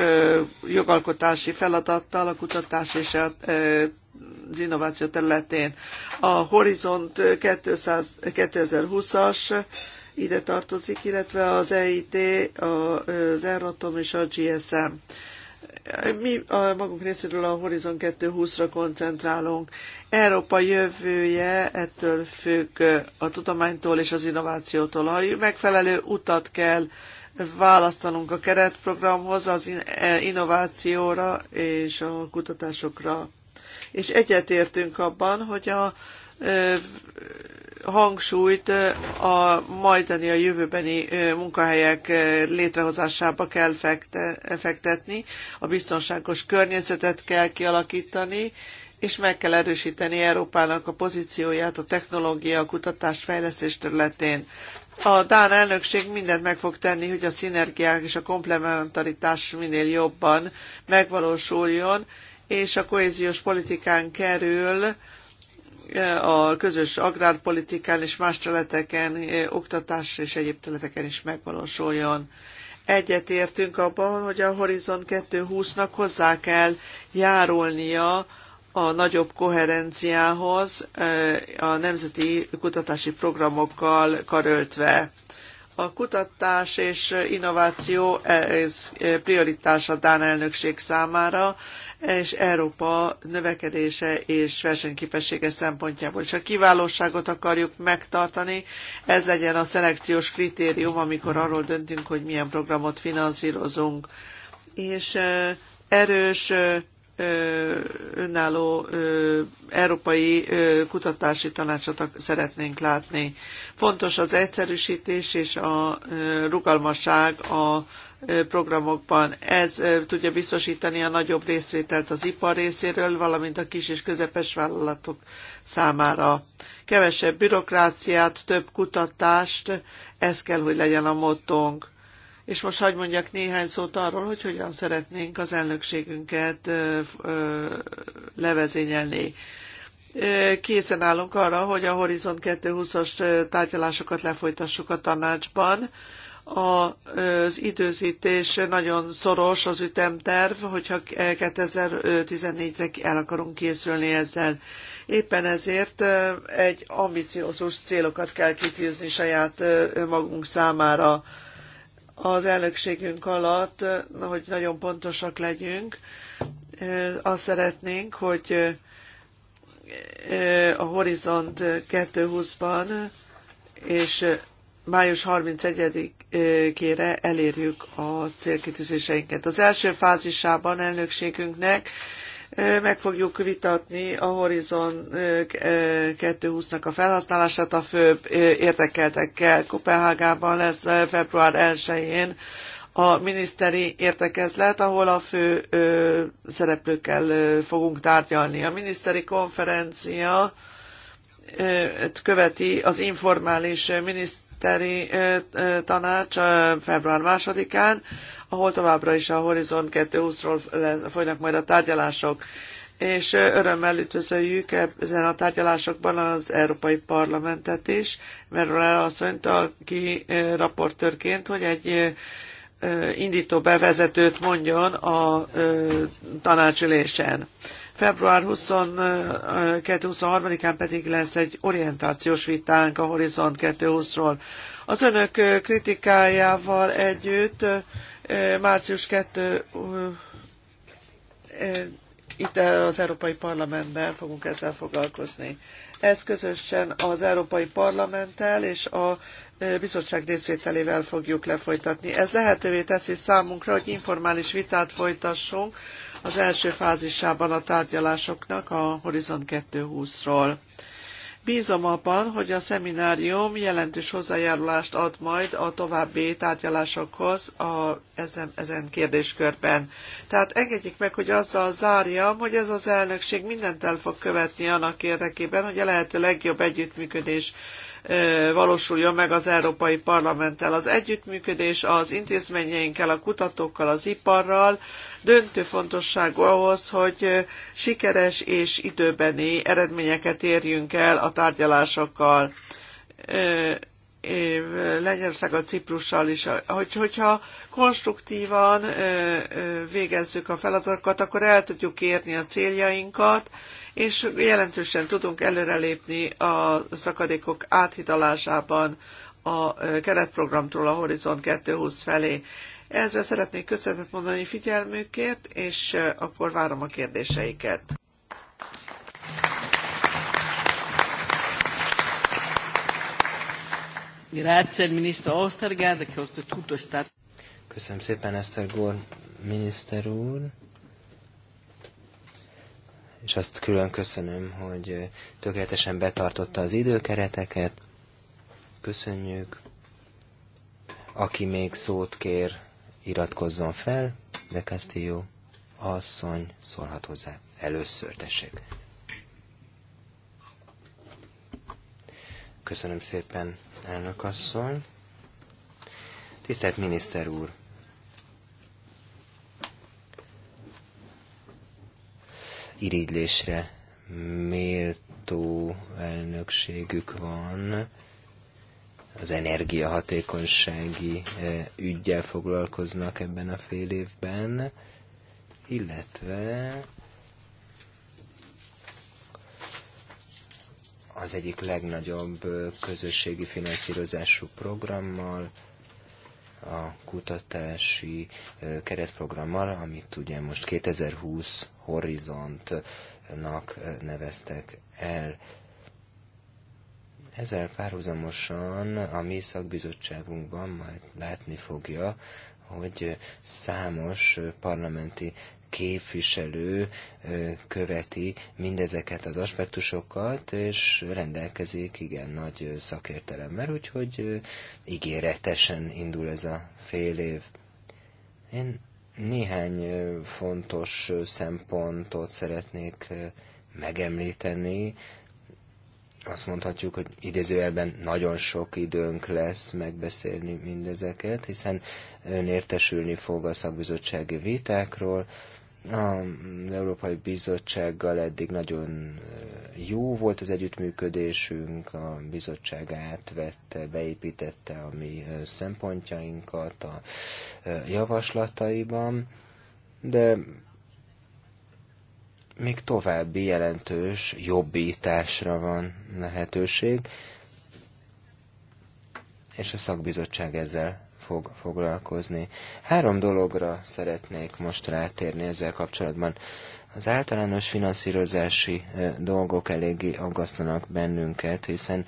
jogalkotási feladattal a kutatás és a az innováció területén. A Horizont 2020-as ide tartozik, illetve az EIT, az Euratom és a GSM mi a magunk részéről a Horizon 2020 ra koncentrálunk. Európa jövője ettől függ a tudománytól és az innovációtól. Ha megfelelő utat kell választanunk a keretprogramhoz, az e, innovációra és a kutatásokra. És egyetértünk abban, hogy a hangsúlyt a majdani, a jövőbeni munkahelyek létrehozásába kell fektetni, a biztonságos környezetet kell kialakítani, és meg kell erősíteni Európának a pozícióját a technológia, a kutatás, fejlesztés területén. A Dán elnökség mindent meg fog tenni, hogy a szinergiák és a komplementaritás minél jobban megvalósuljon, és a kohéziós politikán kerül a közös agrárpolitikán és más területeken, oktatás és egyéb területeken is megvalósuljon. Egyetértünk abban, hogy a Horizon 2020 nak hozzá kell járulnia a nagyobb koherenciához a nemzeti kutatási programokkal karöltve. A kutatás és innováció ez prioritás a Dán elnökség számára, és Európa növekedése és versenyképessége szempontjából. És a kiválóságot akarjuk megtartani, ez legyen a szelekciós kritérium, amikor arról döntünk, hogy milyen programot finanszírozunk. És eh, erős eh, önálló európai kutatási tanácsot szeretnénk látni. Fontos az egyszerűsítés és a rugalmasság a programokban. Ez tudja biztosítani a nagyobb részvételt az ipar részéről, valamint a kis és közepes vállalatok számára. Kevesebb bürokráciát, több kutatást, ez kell, hogy legyen a mottónk és most hagy mondjak néhány szót arról, hogy hogyan szeretnénk az elnökségünket levezényelni. Készen állunk arra, hogy a Horizon 2020 as tárgyalásokat lefolytassuk a tanácsban. Az időzítés nagyon szoros az ütemterv, hogyha 2014-re e, el akarunk készülni ezzel. Éppen ezért egy ambiciózus célokat kell kitűzni saját magunk számára az elnökségünk alatt, hogy nagyon pontosak legyünk, azt szeretnénk, hogy a Horizont 2020 ban és május 31-ére elérjük a célkitűzéseinket. Az első fázisában elnökségünknek meg fogjuk vitatni a Horizon 220-nak a felhasználását a fő értekeltekkel. Kopenhágában lesz február 1-én a miniszteri értekezlet, ahol a fő szereplőkkel fogunk tárgyalni. A miniszteri konferencia követi az informális miniszteri tanács február 12-án, ahol továbbra is a Horizon 220-ról folynak majd a tárgyalások és örömmel üdvözöljük ezen a tárgyalásokban az Európai Parlamentet is, Merroler asszonyt, aki raportőrként, hogy egy indító bevezetőt mondjon a tanácsülésen. Február 22-23-án pedig lesz egy orientációs vitánk a Horizont 220-ról. Az önök kritikájával együtt március 2 itt az Európai Parlamentben fogunk ezzel foglalkozni. Ez közösen az Európai Parlamenttel és a bizottság részvételével fogjuk lefolytatni. Ez lehetővé teszi számunkra, hogy informális vitát folytassunk az első fázisában a tárgyalásoknak a Horizon 2020 ról Bízom abban, hogy a szeminárium jelentős hozzájárulást ad majd a további tárgyalásokhoz a, ezen, ezen kérdéskörben. Tehát engedjék meg, hogy azzal zárjam, hogy ez az elnökség mindent el fog követni annak érdekében, hogy a lehető legjobb együttműködés valósuljon meg az Európai Parlamenttel. Az együttműködés az intézményeinkkel, a kutatókkal, az iparral döntő fontosságú ahhoz, hogy sikeres és időbeni eredményeket érjünk el a tárgyalásokkal. Lengyelország a Ciprussal is, hogy, hogyha konstruktívan végezzük a feladatokat, akkor el tudjuk érni a céljainkat, és jelentősen tudunk előrelépni a szakadékok áthidalásában a keretprogramtól a Horizon 2020 felé. Ezzel szeretnék köszönetet mondani figyelmükért, és akkor várom a kérdéseiket. Grazie, ministro Ostergaard, che oltretutto stato... Köszönöm szépen, Esztergor miniszter úr és azt külön köszönöm, hogy tökéletesen betartotta az időkereteket. Köszönjük. Aki még szót kér, iratkozzon fel, de Castillo asszony szólhat hozzá. Először tessék. Köszönöm szépen, elnök asszony. Tisztelt miniszter úr! irigylésre méltó elnökségük van, az energiahatékonysági e, ügyjel foglalkoznak ebben a fél évben, illetve az egyik legnagyobb e, közösségi finanszírozású programmal, a kutatási e, keretprogrammal, amit ugye most 2020 horizontnak neveztek el. Ezzel párhuzamosan a mi szakbizottságunkban majd látni fogja, hogy számos parlamenti képviselő követi mindezeket az aspektusokat, és rendelkezik igen nagy szakértelemmel, úgyhogy ígéretesen indul ez a fél év. Én néhány fontos szempontot szeretnék megemlíteni. Azt mondhatjuk, hogy idézőjelben nagyon sok időnk lesz megbeszélni mindezeket, hiszen ön értesülni fog a szakbizottsági vitákról, az Európai Bizottsággal eddig nagyon eh, jó volt az együttműködésünk, a bizottság átvette, beépítette a mi eh, szempontjainkat a eh, javaslataiban, de még további jelentős jobbításra van lehetőség, és a szakbizottság ezzel fog foglalkozni. Három dologra szeretnék most rátérni ezzel kapcsolatban. Az általános finanszírozási dolgok eléggé aggasztanak bennünket, hiszen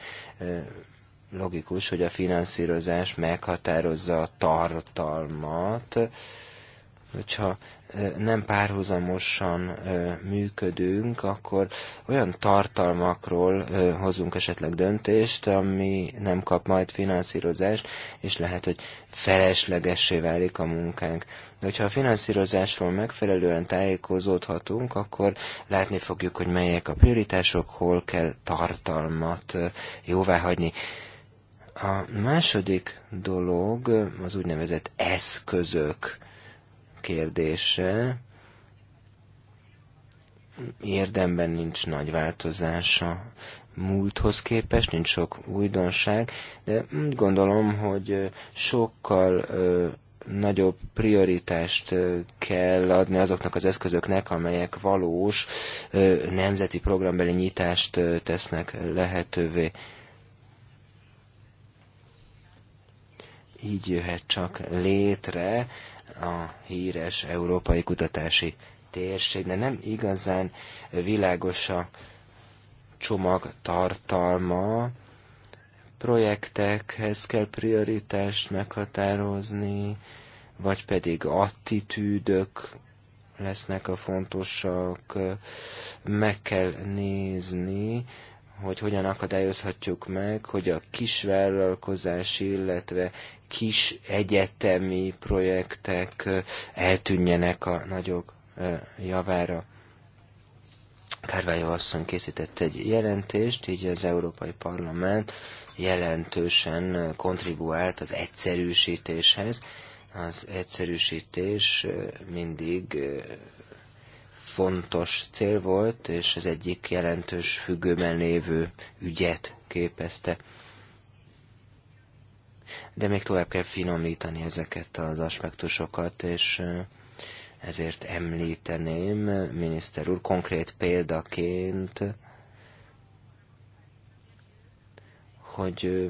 logikus, hogy a finanszírozás meghatározza a tartalmat, hogyha nem párhuzamosan működünk, akkor olyan tartalmakról hozunk esetleg döntést, ami nem kap majd finanszírozást, és lehet, hogy feleslegessé válik a munkánk. De hogyha a finanszírozásról megfelelően tájékozódhatunk, akkor látni fogjuk, hogy melyek a prioritások, hol kell tartalmat jóvá hagyni. A második dolog az úgynevezett eszközök kérdése. Érdemben nincs nagy változása múlthoz képest, nincs sok újdonság, de úgy gondolom, hogy sokkal ö, nagyobb prioritást kell adni azoknak az eszközöknek, amelyek valós ö, nemzeti programbeli nyitást tesznek lehetővé. így jöhet csak létre a híres európai kutatási térség, de nem igazán világos a csomag tartalma, projektekhez kell prioritást meghatározni, vagy pedig attitűdök lesznek a fontosak, meg kell nézni hogy hogyan akadályozhatjuk meg, hogy a kisvállalkozási, illetve kis egyetemi projektek eltűnjenek a nagyok javára. Kárvályó asszony készített egy jelentést, így az Európai Parlament jelentősen kontribuált az egyszerűsítéshez. Az egyszerűsítés mindig fontos cél volt, és az egyik jelentős függőben lévő ügyet képezte. De még tovább kell finomítani ezeket az aspektusokat, és ezért említeném, miniszter úr, konkrét példaként, hogy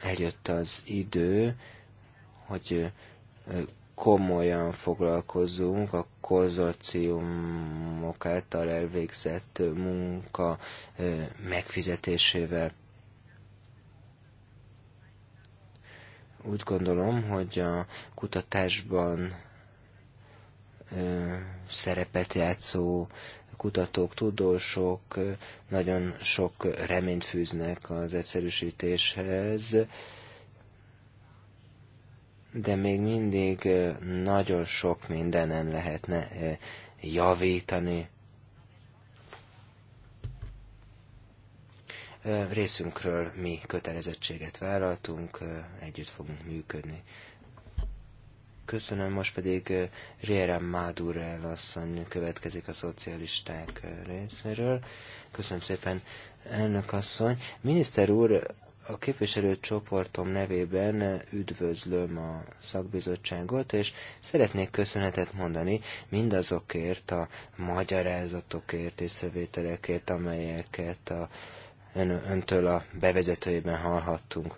eljött az idő, hogy komolyan foglalkozunk a konzorciumok által elvégzett munka megfizetésével. Úgy gondolom, hogy a kutatásban szerepet játszó kutatók, tudósok nagyon sok reményt fűznek az egyszerűsítéshez, de még mindig nagyon sok mindenen lehetne javítani. Részünkről mi kötelezettséget vállaltunk, együtt fogunk működni. Köszönöm, most pedig Riera Madurel asszony következik a szocialisták részéről. Köszönöm szépen, elnök asszony. Miniszter úr, a képviselőcsoportom nevében üdvözlöm a szakbizottságot, és szeretnék köszönetet mondani mindazokért a magyarázatokért, észrevételekért, amelyeket a ön, öntől a bevezetőjében hallhattunk.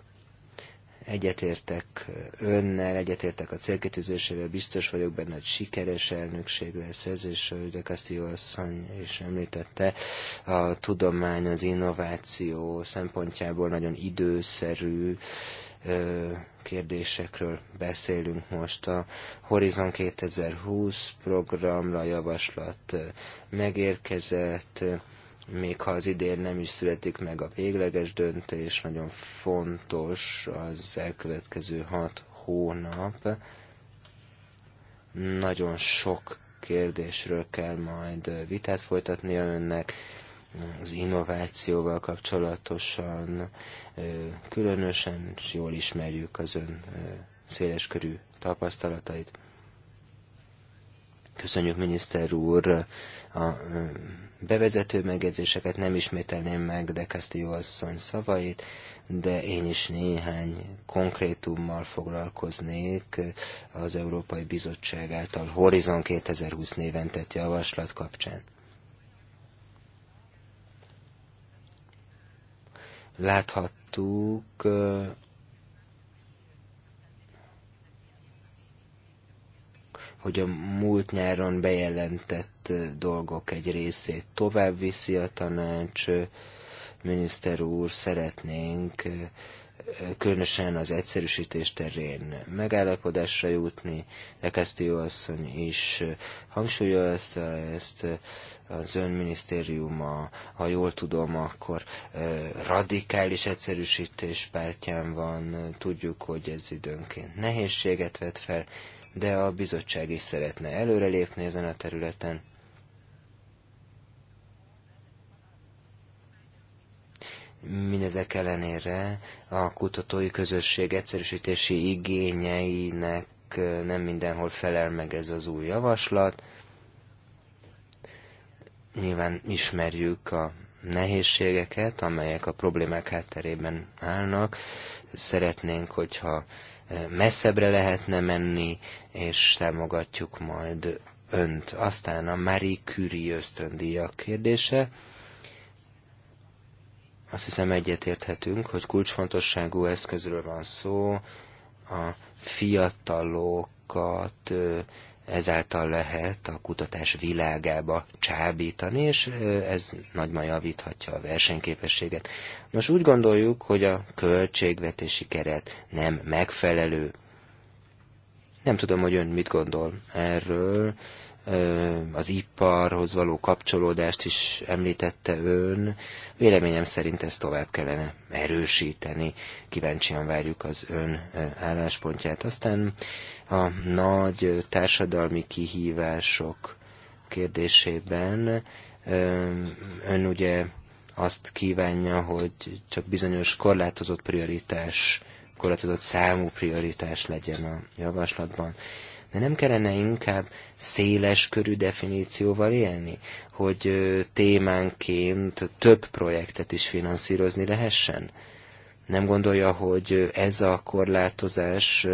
Egyetértek önnel, egyetértek a célkitűzésével, biztos vagyok benne, hogy sikeres elnökség lesz ez, és de Castillo asszony is említette, a tudomány, az innováció szempontjából nagyon időszerű, kérdésekről beszélünk most. A Horizon 2020 programra javaslat megérkezett, még ha az idén nem is születik meg a végleges döntés, nagyon fontos az elkövetkező hat hónap. Nagyon sok kérdésről kell majd vitát folytatni önnek, az innovációval kapcsolatosan, különösen, és jól ismerjük az ön széleskörű tapasztalatait. Köszönjük, miniszter úr, a bevezető megjegyzéseket nem ismételném meg de Castillo asszony szavait, de én is néhány konkrétummal foglalkoznék az Európai Bizottság által Horizon 2020 néven tett javaslat kapcsán. Láthattuk hogy a múlt nyáron bejelentett dolgok egy részét tovább viszi a tanács. Miniszter úr, szeretnénk különösen az egyszerűsítés terén megállapodásra jutni. De Castillo asszony is hangsúlyozta ezt, az minisztériuma, ha jól tudom, akkor radikális egyszerűsítés pártján van. Tudjuk, hogy ez időnként nehézséget vet fel, de a bizottság is szeretne előrelépni ezen a területen. Mindezek ellenére a kutatói közösség egyszerűsítési igényeinek nem mindenhol felel meg ez az új javaslat. Nyilván ismerjük a nehézségeket, amelyek a problémák hátterében állnak. Szeretnénk, hogyha messzebbre lehetne menni, és támogatjuk majd önt. Aztán a Marie Curie ösztöndíjak kérdése. Azt hiszem egyetérthetünk, hogy kulcsfontosságú eszközről van szó, a fiatalokat ezáltal lehet a kutatás világába csábítani, és ez nagyban javíthatja a versenyképességet. Nos, úgy gondoljuk, hogy a költségvetési keret nem megfelelő. Nem tudom, hogy ön mit gondol erről. Az iparhoz való kapcsolódást is említette ön. Véleményem szerint ezt tovább kellene erősíteni. Kíváncsian várjuk az ön álláspontját. Aztán a nagy társadalmi kihívások kérdésében ön ugye azt kívánja, hogy csak bizonyos korlátozott prioritás, korlátozott számú prioritás legyen a javaslatban. De nem kellene inkább széles körű definícióval élni, hogy témánként több projektet is finanszírozni lehessen? Nem gondolja, hogy ez a korlátozás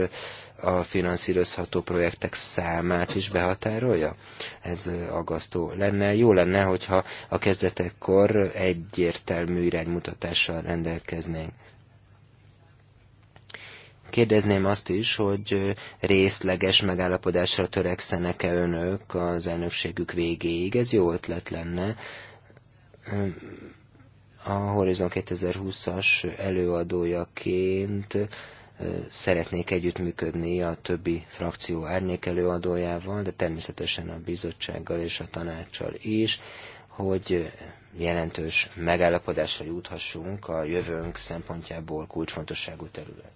a finanszírozható projektek számát is behatárolja? Ez agasztó lenne. Jó lenne, hogyha a kezdetekkor egyértelmű iránymutatással rendelkeznénk. Kérdezném azt is, hogy részleges megállapodásra törekszenek-e önök az elnökségük végéig. Ez jó ötlet lenne. A Horizon 2020-as előadójaként szeretnék együttműködni a többi frakció árnyékelőadójával, de természetesen a bizottsággal és a tanácssal is, hogy jelentős megállapodásra juthassunk a jövőnk szempontjából kulcsfontosságú terület.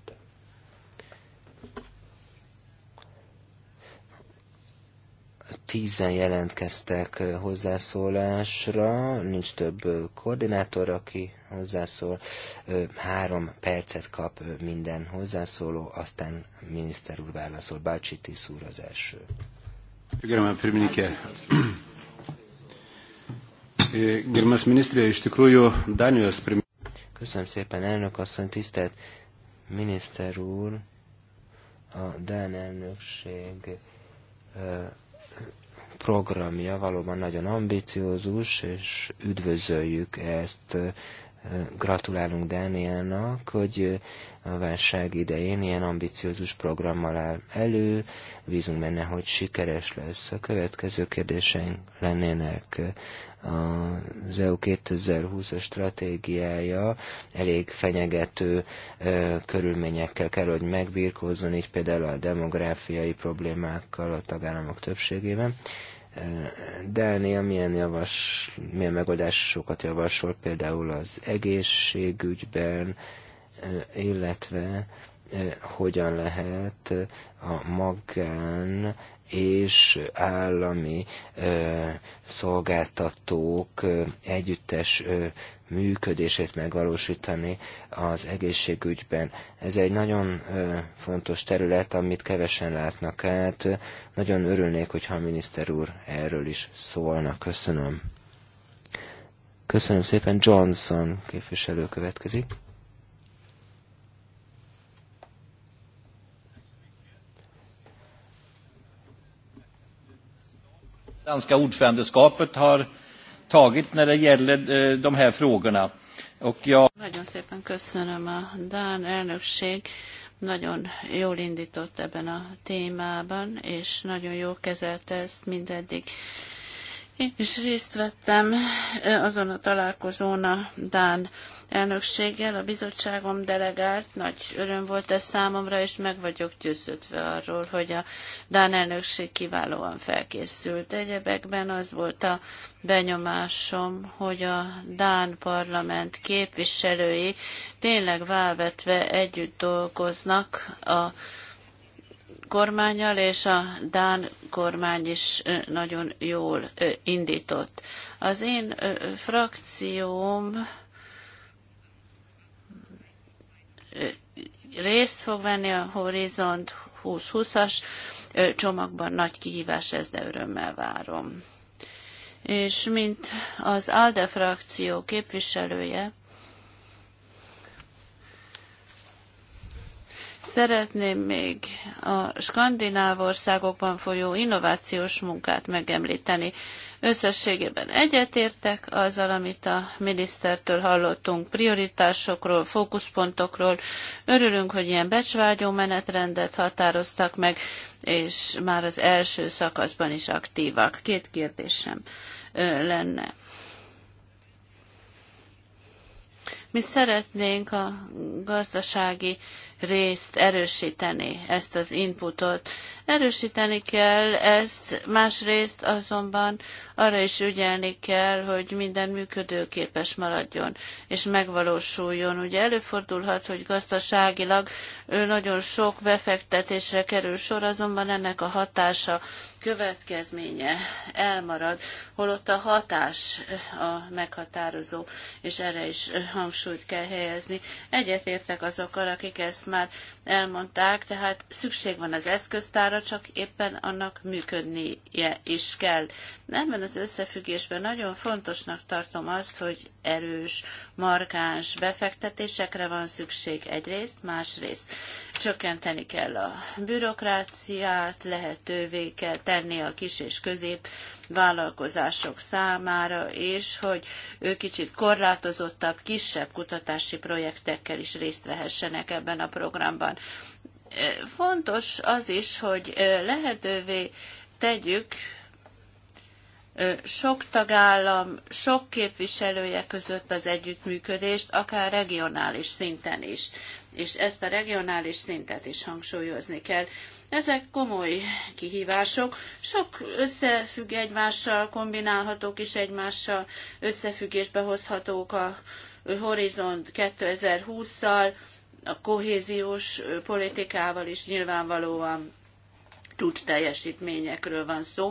Tízen jelentkeztek hozzászólásra, nincs több koordinátor, aki hozzászól. Három percet kap minden hozzászóló, aztán miniszter úr válaszol. Bácsi Tisz úr az első. Gerbiamą pirmininkę. Gerbiamas ministrė, iš tikrųjų Danijos Köszönöm szépen, elnök asszony, tisztelt miniszter úr, a Dán elnökség programja valóban nagyon ambiciózus, és üdvözöljük ezt Gratulálunk Dánielnak, hogy a válság idején ilyen ambiciózus programmal áll elő. Bízunk benne, hogy sikeres lesz. A következő kérdéseink lennének az EU 2020-as stratégiája elég fenyegető ö, körülményekkel kell, hogy megbírkozzon, így például a demográfiai problémákkal a tagállamok többségében. Dánia milyen, javas, milyen megoldásokat javasol például az egészségügyben, eh, illetve eh, hogyan lehet eh, a magán és állami szolgáltatók együttes működését megvalósítani az egészségügyben. Ez egy nagyon fontos terület, amit kevesen látnak át. Nagyon örülnék, hogyha a miniszter úr erről is szólna. Köszönöm. Köszönöm szépen. Johnson képviselő következik. Danska ordförandeskapet har tagit när det gäller eh, de här frågorna. Och jag... Nagyon szépen köszönöm a Dán elnökség. Nagyon jól indított ebben a témában, és nagyon jól kezelte ezt mindeddig. Én is részt vettem azon a találkozón a Dán elnökséggel, a bizottságom delegált, nagy öröm volt ez számomra, és meg vagyok győződve arról, hogy a Dán elnökség kiválóan felkészült. Egyebekben az volt a benyomásom, hogy a Dán parlament képviselői tényleg válvetve együtt dolgoznak a kormányjal, és a Dán kormány is nagyon jól indított. Az én frakcióm részt fog venni a Horizont 2020-as csomagban. Nagy kihívás ez, de örömmel várom. És mint az ALDE frakció képviselője, Szeretném még a skandináv országokban folyó innovációs munkát megemlíteni. Összességében egyetértek azzal, amit a minisztertől hallottunk prioritásokról, fókuszpontokról. Örülünk, hogy ilyen becsvágyó menetrendet határoztak meg, és már az első szakaszban is aktívak. Két kérdésem lenne mi szeretnénk a gazdasági részt erősíteni, ezt az inputot. Erősíteni kell ezt, másrészt azonban arra is ügyelni kell, hogy minden működőképes maradjon, és megvalósuljon. Ugye előfordulhat, hogy gazdaságilag nagyon sok befektetésre kerül sor, azonban ennek a hatása következménye elmarad, holott a hatás a meghatározó, és erre is hangsúlyt kell helyezni. Egyetértek azokkal, akik ezt már elmondták, tehát szükség van az eszköztára, csak éppen annak működnie is kell. Ebben az összefüggésben nagyon fontosnak tartom azt, hogy erős, markáns befektetésekre van szükség egyrészt, másrészt csökkenteni kell a bürokráciát, lehetővé kell tenni a kis és közép vállalkozások számára, és hogy ők kicsit korlátozottabb, kisebb kutatási projektekkel is részt vehessenek ebben a programban. Fontos az is, hogy lehetővé tegyük sok tagállam, sok képviselője között az együttműködést, akár regionális szinten is. És ezt a regionális szintet is hangsúlyozni kell, ezek komoly kihívások, sok összefügg egymással, kombinálhatók és egymással összefüggésbe hozhatók a Horizont 2020-szal, a kohéziós politikával is nyilvánvalóan csúcs teljesítményekről van szó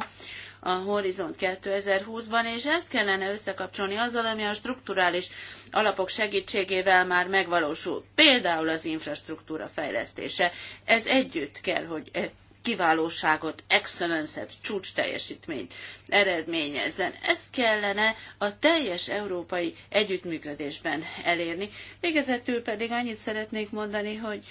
a Horizont 2020-ban, és ezt kellene összekapcsolni azzal, ami a strukturális alapok segítségével már megvalósul. Például az infrastruktúra fejlesztése. Ez együtt kell, hogy eh, kiválóságot, excellence-et, csúcs teljesítményt eredményezzen. Ezt kellene a teljes európai együttműködésben elérni. Végezetül pedig annyit szeretnék mondani, hogy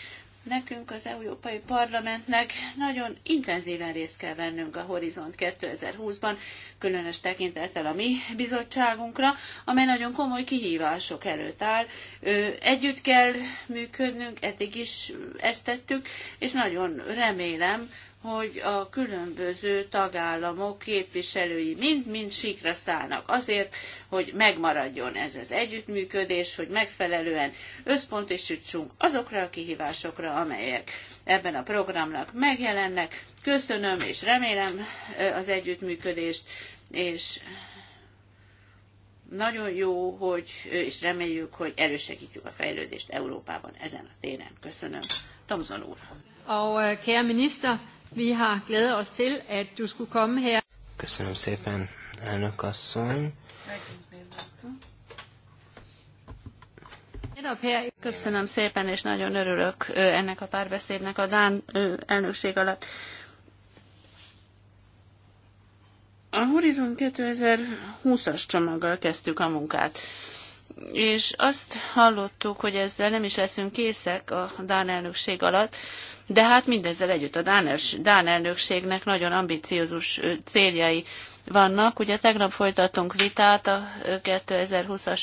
Nekünk az Európai Parlamentnek nagyon intenzíven részt kell vennünk a Horizont 2020-ban, különös tekintettel a mi bizottságunkra, amely nagyon komoly kihívások előtt áll. Együtt kell működnünk, eddig is ezt tettük, és nagyon remélem, hogy a különböző tagállamok képviselői mind-mind sikra szállnak azért, hogy megmaradjon ez az együttműködés, hogy megfelelően összpontosítsunk azokra a kihívásokra, amelyek ebben a programnak megjelennek. Köszönöm és remélem az együttműködést, és nagyon jó, hogy, és reméljük, hogy elősegítjük a fejlődést Európában ezen a téren. Köszönöm. Tomzon úr. Og kære uh, minister, Vi har glædet os til, at du skulle komme her. Köszönöm szépen, elnök asszony. Köszönöm szépen, és nagyon örülök ennek a párbeszédnek a Dán elnökség alatt. A Horizon 2020-as csomaggal kezdtük a munkát és azt hallottuk, hogy ezzel nem is leszünk készek a Dán elnökség alatt, de hát mindezzel együtt a Dán, Dán elnökségnek nagyon ambiciózus céljai vannak. Ugye tegnap folytattunk vitát a 2020-as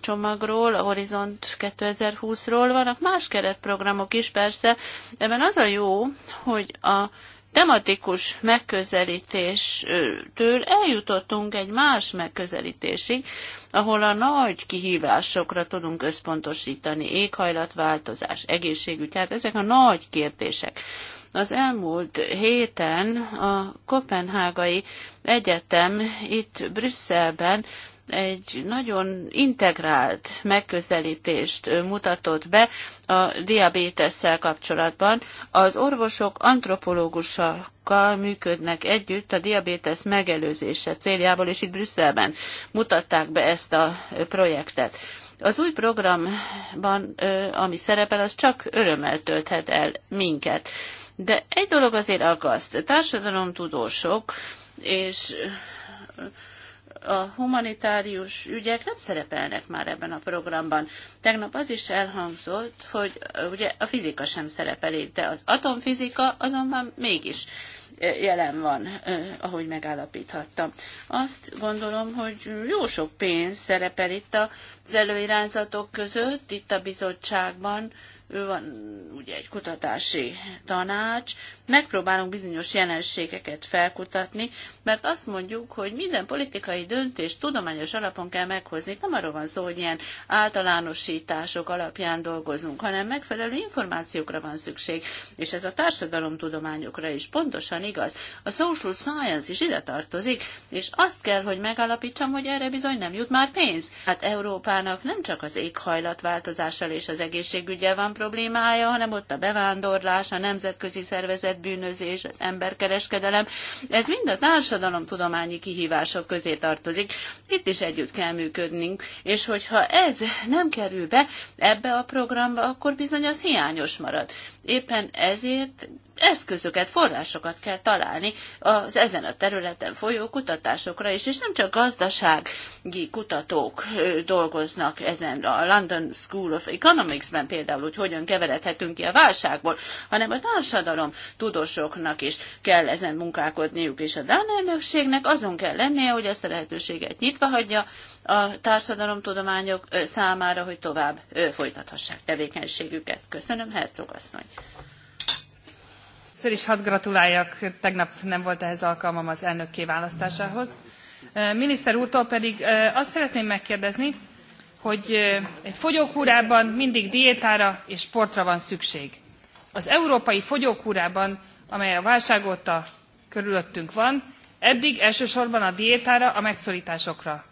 csomagról, a Horizont 2020-ról, vannak más keretprogramok is persze. Ebben az a jó, hogy a tematikus megközelítéstől eljutottunk egy más megközelítésig, ahol a nagy kihívásokra tudunk összpontosítani, éghajlatváltozás, egészségügy, tehát ezek a nagy kérdések. Az elmúlt héten a Kopenhágai Egyetem itt Brüsszelben egy nagyon integrált megközelítést mutatott be a diabétesszel kapcsolatban. Az orvosok antropológusokkal működnek együtt a diabétesz megelőzése céljából, és itt Brüsszelben mutatták be ezt a projektet. Az új programban, ami szerepel, az csak örömmel tölthet el minket. De egy dolog azért aggaszt. Társadalomtudósok és a humanitárius ügyek nem szerepelnek már ebben a programban. Tegnap az is elhangzott, hogy ugye a fizika sem szerepel itt, de az atomfizika azonban mégis jelen van, ahogy megállapíthattam. Azt gondolom, hogy jó sok pénz szerepel itt az előirányzatok között, itt a bizottságban, van ugye egy kutatási tanács, megpróbálunk bizonyos jelenségeket felkutatni, mert azt mondjuk, hogy minden politikai döntést tudományos alapon kell meghozni. Nem arról van szó, hogy ilyen általánosítások alapján dolgozunk, hanem megfelelő információkra van szükség, és ez a társadalomtudományokra is pontosan igaz. A social science is ide tartozik, és azt kell, hogy megalapítsam, hogy erre bizony nem jut már pénz. Hát Európának nem csak az éghajlatváltozással és az egészségügyel van problémája, hanem ott a bevándorlás, a nemzetközi szervezet bűnözés, az emberkereskedelem. Ez mind a társadalom tudományi kihívások közé tartozik. Itt is együtt kell működnünk, és hogyha ez nem kerül be ebbe a programba, akkor bizony az hiányos marad. Éppen ezért eszközöket, forrásokat kell találni az ezen a területen folyó kutatásokra is, és nem csak gazdasági kutatók dolgoznak ezen a London School of Economics-ben például, hogy hogyan keveredhetünk ki a válságból, hanem a társadalom tudósoknak is kell ezen munkálkodniuk, és a Dán elnökségnek azon kell lennie, hogy ezt a lehetőséget nyitva hagyja a társadalomtudományok számára, hogy tovább folytathassák tevékenységüket. Köszönöm, Herzog asszony! Először is hadd gratuláljak, tegnap nem volt ehhez alkalmam az elnökké választásához. Miniszter úrtól pedig azt szeretném megkérdezni, hogy egy fogyókúrában mindig diétára és sportra van szükség. Az európai fogyókúrában, amely a válság óta körülöttünk van, eddig elsősorban a diétára, a megszorításokra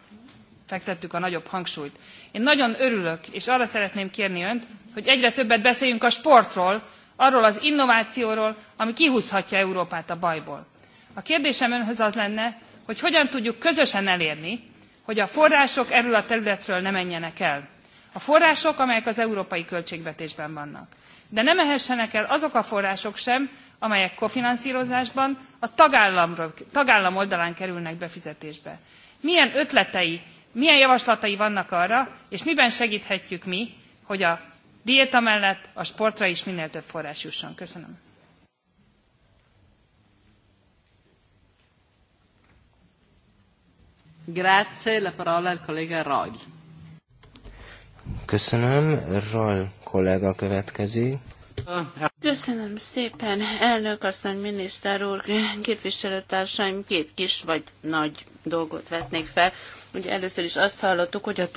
fektettük a nagyobb hangsúlyt. Én nagyon örülök, és arra szeretném kérni önt, hogy egyre többet beszéljünk a sportról, arról az innovációról, ami kihúzhatja Európát a bajból. A kérdésem önhöz az lenne, hogy hogyan tudjuk közösen elérni, hogy a források erről a területről ne menjenek el. A források, amelyek az európai költségvetésben vannak. De ne mehessenek el azok a források sem, amelyek kofinanszírozásban a tagállam oldalán kerülnek befizetésbe. Milyen ötletei, milyen javaslatai vannak arra, és miben segíthetjük mi, hogy a diéta mellett a sportra is minél több forrás jusson. Köszönöm. Grazie, la parola al collega Roy. Köszönöm, Roy kollega következik. Köszönöm szépen, elnök asszony, miniszter úr, képviselőtársaim, két kis vagy nagy dolgot vetnék fel. Ugye először is azt hallottuk, hogy a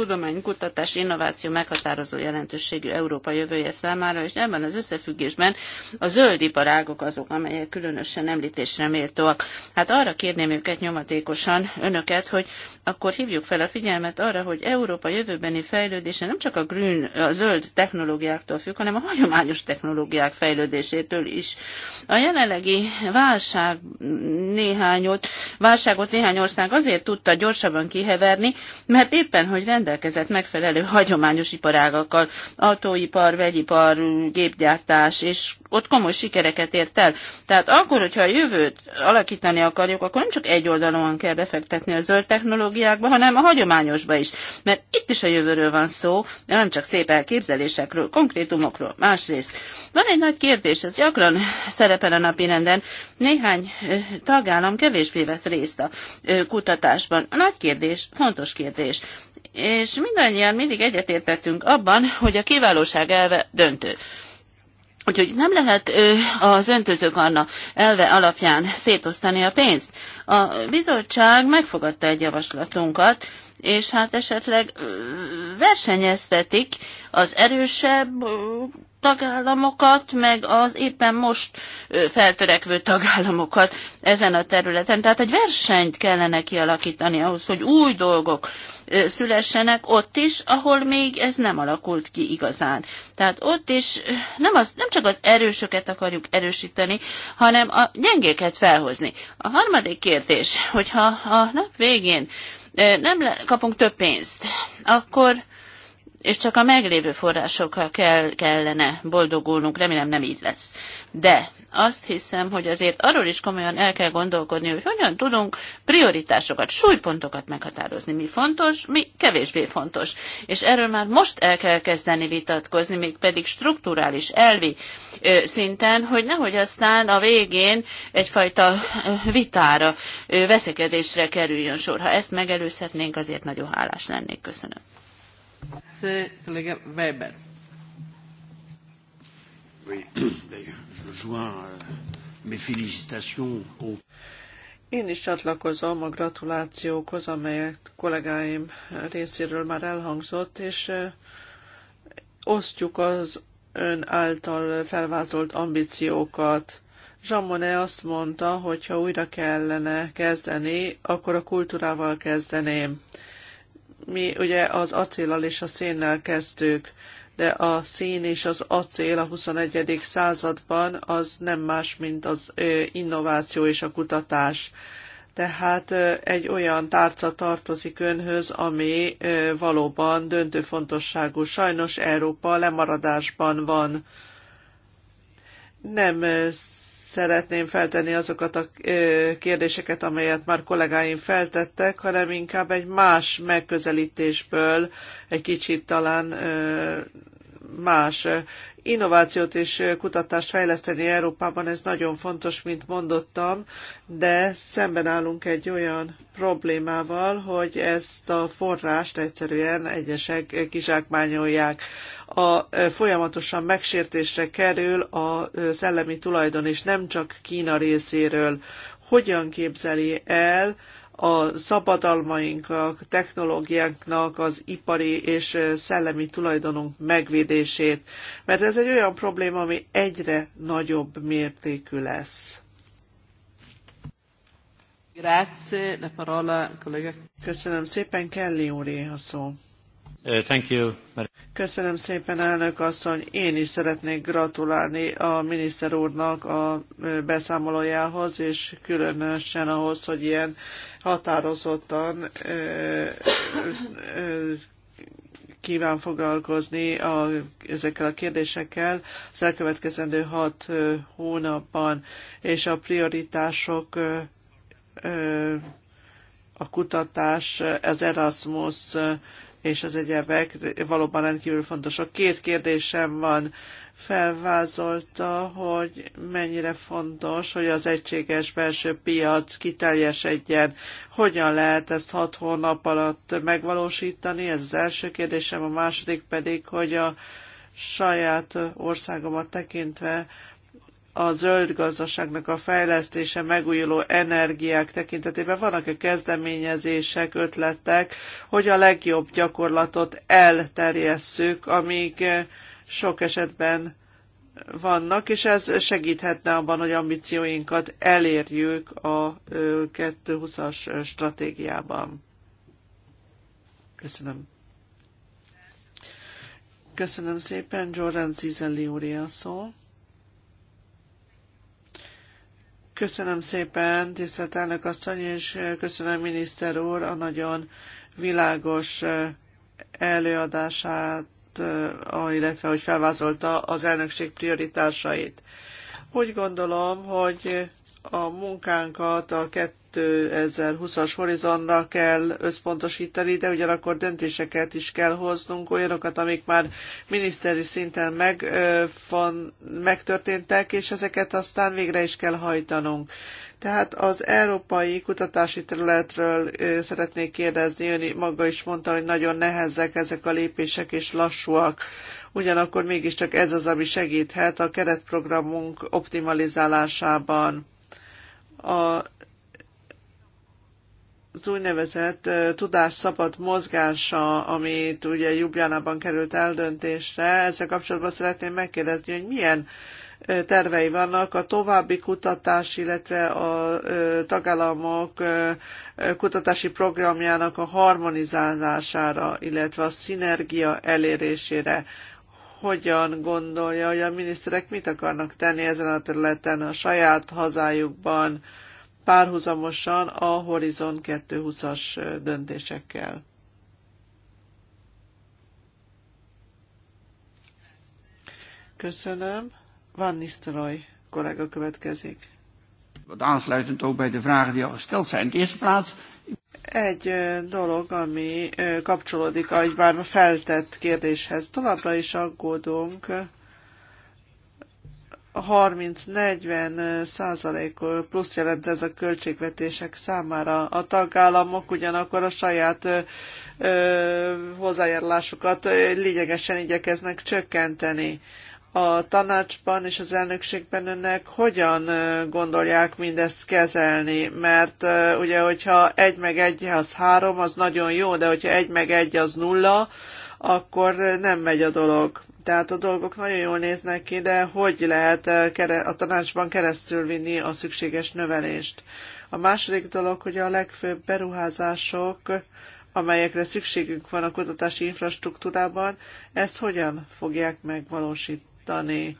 kutatás innováció meghatározó jelentőségű Európa jövője számára, és ebben az összefüggésben a zöld iparágok azok, amelyek különösen említésre méltóak. Hát arra kérném őket nyomatékosan, önöket, hogy akkor hívjuk fel a figyelmet arra, hogy Európa jövőbeni fejlődése nem csak a, green, a zöld technológiáktól függ, hanem a hagyományos technológiák fejlődésétől is. A jelenlegi válság néhányot, válságot néhány ország azért tudta gyorsabban kihevelni, keverni, mert éppen, hogy rendelkezett megfelelő hagyományos iparágakkal, autóipar, vegyipar, gépgyártás, és ott komoly sikereket ért el. Tehát akkor, hogyha a jövőt alakítani akarjuk, akkor nem csak egy oldalon kell befektetni a zöld technológiákba, hanem a hagyományosba is. Mert itt is a jövőről van szó, de nem csak szép elképzelésekről, konkrétumokról. Másrészt van egy nagy kérdés, ez gyakran szerepel a renden. Néhány tagállam kevésbé vesz részt a kutatásban. A nagy kérdés fontos kérdés. És mindannyian mindig egyetértettünk abban, hogy a kiválóság elve döntő. Úgyhogy nem lehet az öntözők Anna elve alapján szétosztani a pénzt. A bizottság megfogadta egy javaslatunkat, és hát esetleg versenyeztetik az erősebb tagállamokat, meg az éppen most feltörekvő tagállamokat ezen a területen. Tehát egy versenyt kellene kialakítani ahhoz, hogy új dolgok szülessenek ott is, ahol még ez nem alakult ki igazán. Tehát ott is nem, az, nem csak az erősöket akarjuk erősíteni, hanem a gyengéket felhozni. A harmadik kérdés, hogyha a nap végén nem kapunk több pénzt, akkor és csak a meglévő forrásokkal kell, kellene boldogulnunk, remélem nem így lesz. De azt hiszem, hogy azért arról is komolyan el kell gondolkodni, hogy hogyan tudunk prioritásokat, súlypontokat meghatározni, mi fontos, mi kevésbé fontos. És erről már most el kell kezdeni vitatkozni, még pedig strukturális, elvi ö, szinten, hogy nehogy aztán a végén egyfajta ö, vitára, ö, veszekedésre kerüljön sor. Ha ezt megelőzhetnénk, azért nagyon hálás lennék. Köszönöm. Weber. Oui, d'ailleurs, je joins euh, mes félicitations Én is csatlakozom a gratulációkhoz, amelyek kollégáim részéről már elhangzott, és osztjuk az ön által felvázolt ambíciókat. Jean Monnet azt mondta, hogy ha újra kellene kezdeni, akkor a kultúrával kezdeném mi ugye az acéllal és a szénnel kezdtük, de a szén és az acél a 21. században az nem más, mint az innováció és a kutatás. Tehát egy olyan tárca tartozik önhöz, ami valóban döntő fontosságú. Sajnos Európa lemaradásban van. Nem szeretném feltenni azokat a kérdéseket, amelyet már kollégáim feltettek, hanem inkább egy más megközelítésből egy kicsit talán más innovációt és kutatást fejleszteni Európában, ez nagyon fontos, mint mondottam, de szemben állunk egy olyan problémával, hogy ezt a forrást egyszerűen egyesek kizsákmányolják. A folyamatosan megsértésre kerül a szellemi tulajdon, és nem csak Kína részéről. Hogyan képzeli el, a szabadalmaink, a technológiánknak, az ipari és szellemi tulajdonunk megvédését, mert ez egy olyan probléma, ami egyre nagyobb mértékű lesz. Grazie, la parola, collega. Köszönöm szépen, Kelly úré a szó. Uh, thank you. Köszönöm szépen, elnök asszony. Én is szeretnék gratulálni a miniszter úrnak a beszámolójához, és különösen ahhoz, hogy ilyen határozottan ö, ö, kíván foglalkozni a, ezekkel a kérdésekkel az elkövetkezendő hat ö, hónapban, és a prioritások ö, ö, a kutatás, az Erasmus és az egyebek valóban rendkívül fontosak. Két kérdésem van felvázolta, hogy mennyire fontos, hogy az egységes belső piac kiteljesedjen. Hogyan lehet ezt hat hónap alatt megvalósítani? Ez az első kérdésem, a második pedig, hogy a saját országomat tekintve a zöld gazdaságnak a fejlesztése megújuló energiák tekintetében vannak-e kezdeményezések, ötletek, hogy a legjobb gyakorlatot elterjesszük, amíg sok esetben vannak, és ez segíthetne abban, hogy ambícióinkat elérjük a 2020-as stratégiában. Köszönöm. Köszönöm szépen, Jordan Cizelli úr szó. Köszönöm szépen, tisztelt elnök asszony, és köszönöm miniszter úr a nagyon világos előadását elmondott, illetve hogy felvázolta az elnökség prioritásait. Úgy gondolom, hogy a munkánkat a 2020-as horizontra kell összpontosítani, de ugyanakkor döntéseket is kell hoznunk, olyanokat, amik már miniszteri szinten meg, van, megtörténtek, és ezeket aztán végre is kell hajtanunk. Tehát az európai kutatási területről szeretnék kérdezni, ön maga is mondta, hogy nagyon nehezek ezek a lépések és lassúak. Ugyanakkor mégiscsak ez az, ami segíthet a keretprogramunk optimalizálásában. A az úgynevezett tudás szabad mozgása, amit ugye Jubjánában került eldöntésre, ezzel kapcsolatban szeretném megkérdezni, hogy milyen tervei vannak a további kutatás, illetve a tagállamok kutatási programjának a harmonizálására, illetve a szinergia elérésére. Hogyan gondolja, hogy a miniszterek mit akarnak tenni ezen a területen a saját hazájukban, párhuzamosan a Horizon 220-as döntésekkel. Köszönöm. Van Nistelrooy kollega következik. aansluitend ook bij de vragen die al gesteld zijn. In de eerste plaats egy eh, dolog, ami eh, kapcsolódik a már feltett kérdéshez. Továbbra is aggódunk 30-40 százalék plusz jelent ez a költségvetések számára. A tagállamok ugyanakkor a saját ö, ö, hozzájárulásukat lényegesen igyekeznek csökkenteni. A tanácsban és az elnökségben önnek hogyan gondolják mindezt kezelni? Mert ö, ugye, hogyha egy meg egy az három, az nagyon jó, de hogyha egy meg egy az nulla, akkor nem megy a dolog tehát a dolgok nagyon jól néznek ki, de hogy lehet eh, a tanácsban keresztül vinni a szükséges növelést? A második dolog, hogy a legfőbb beruházások, amelyekre szükségünk van a kutatási infrastruktúrában, ezt hogyan fogják megvalósítani?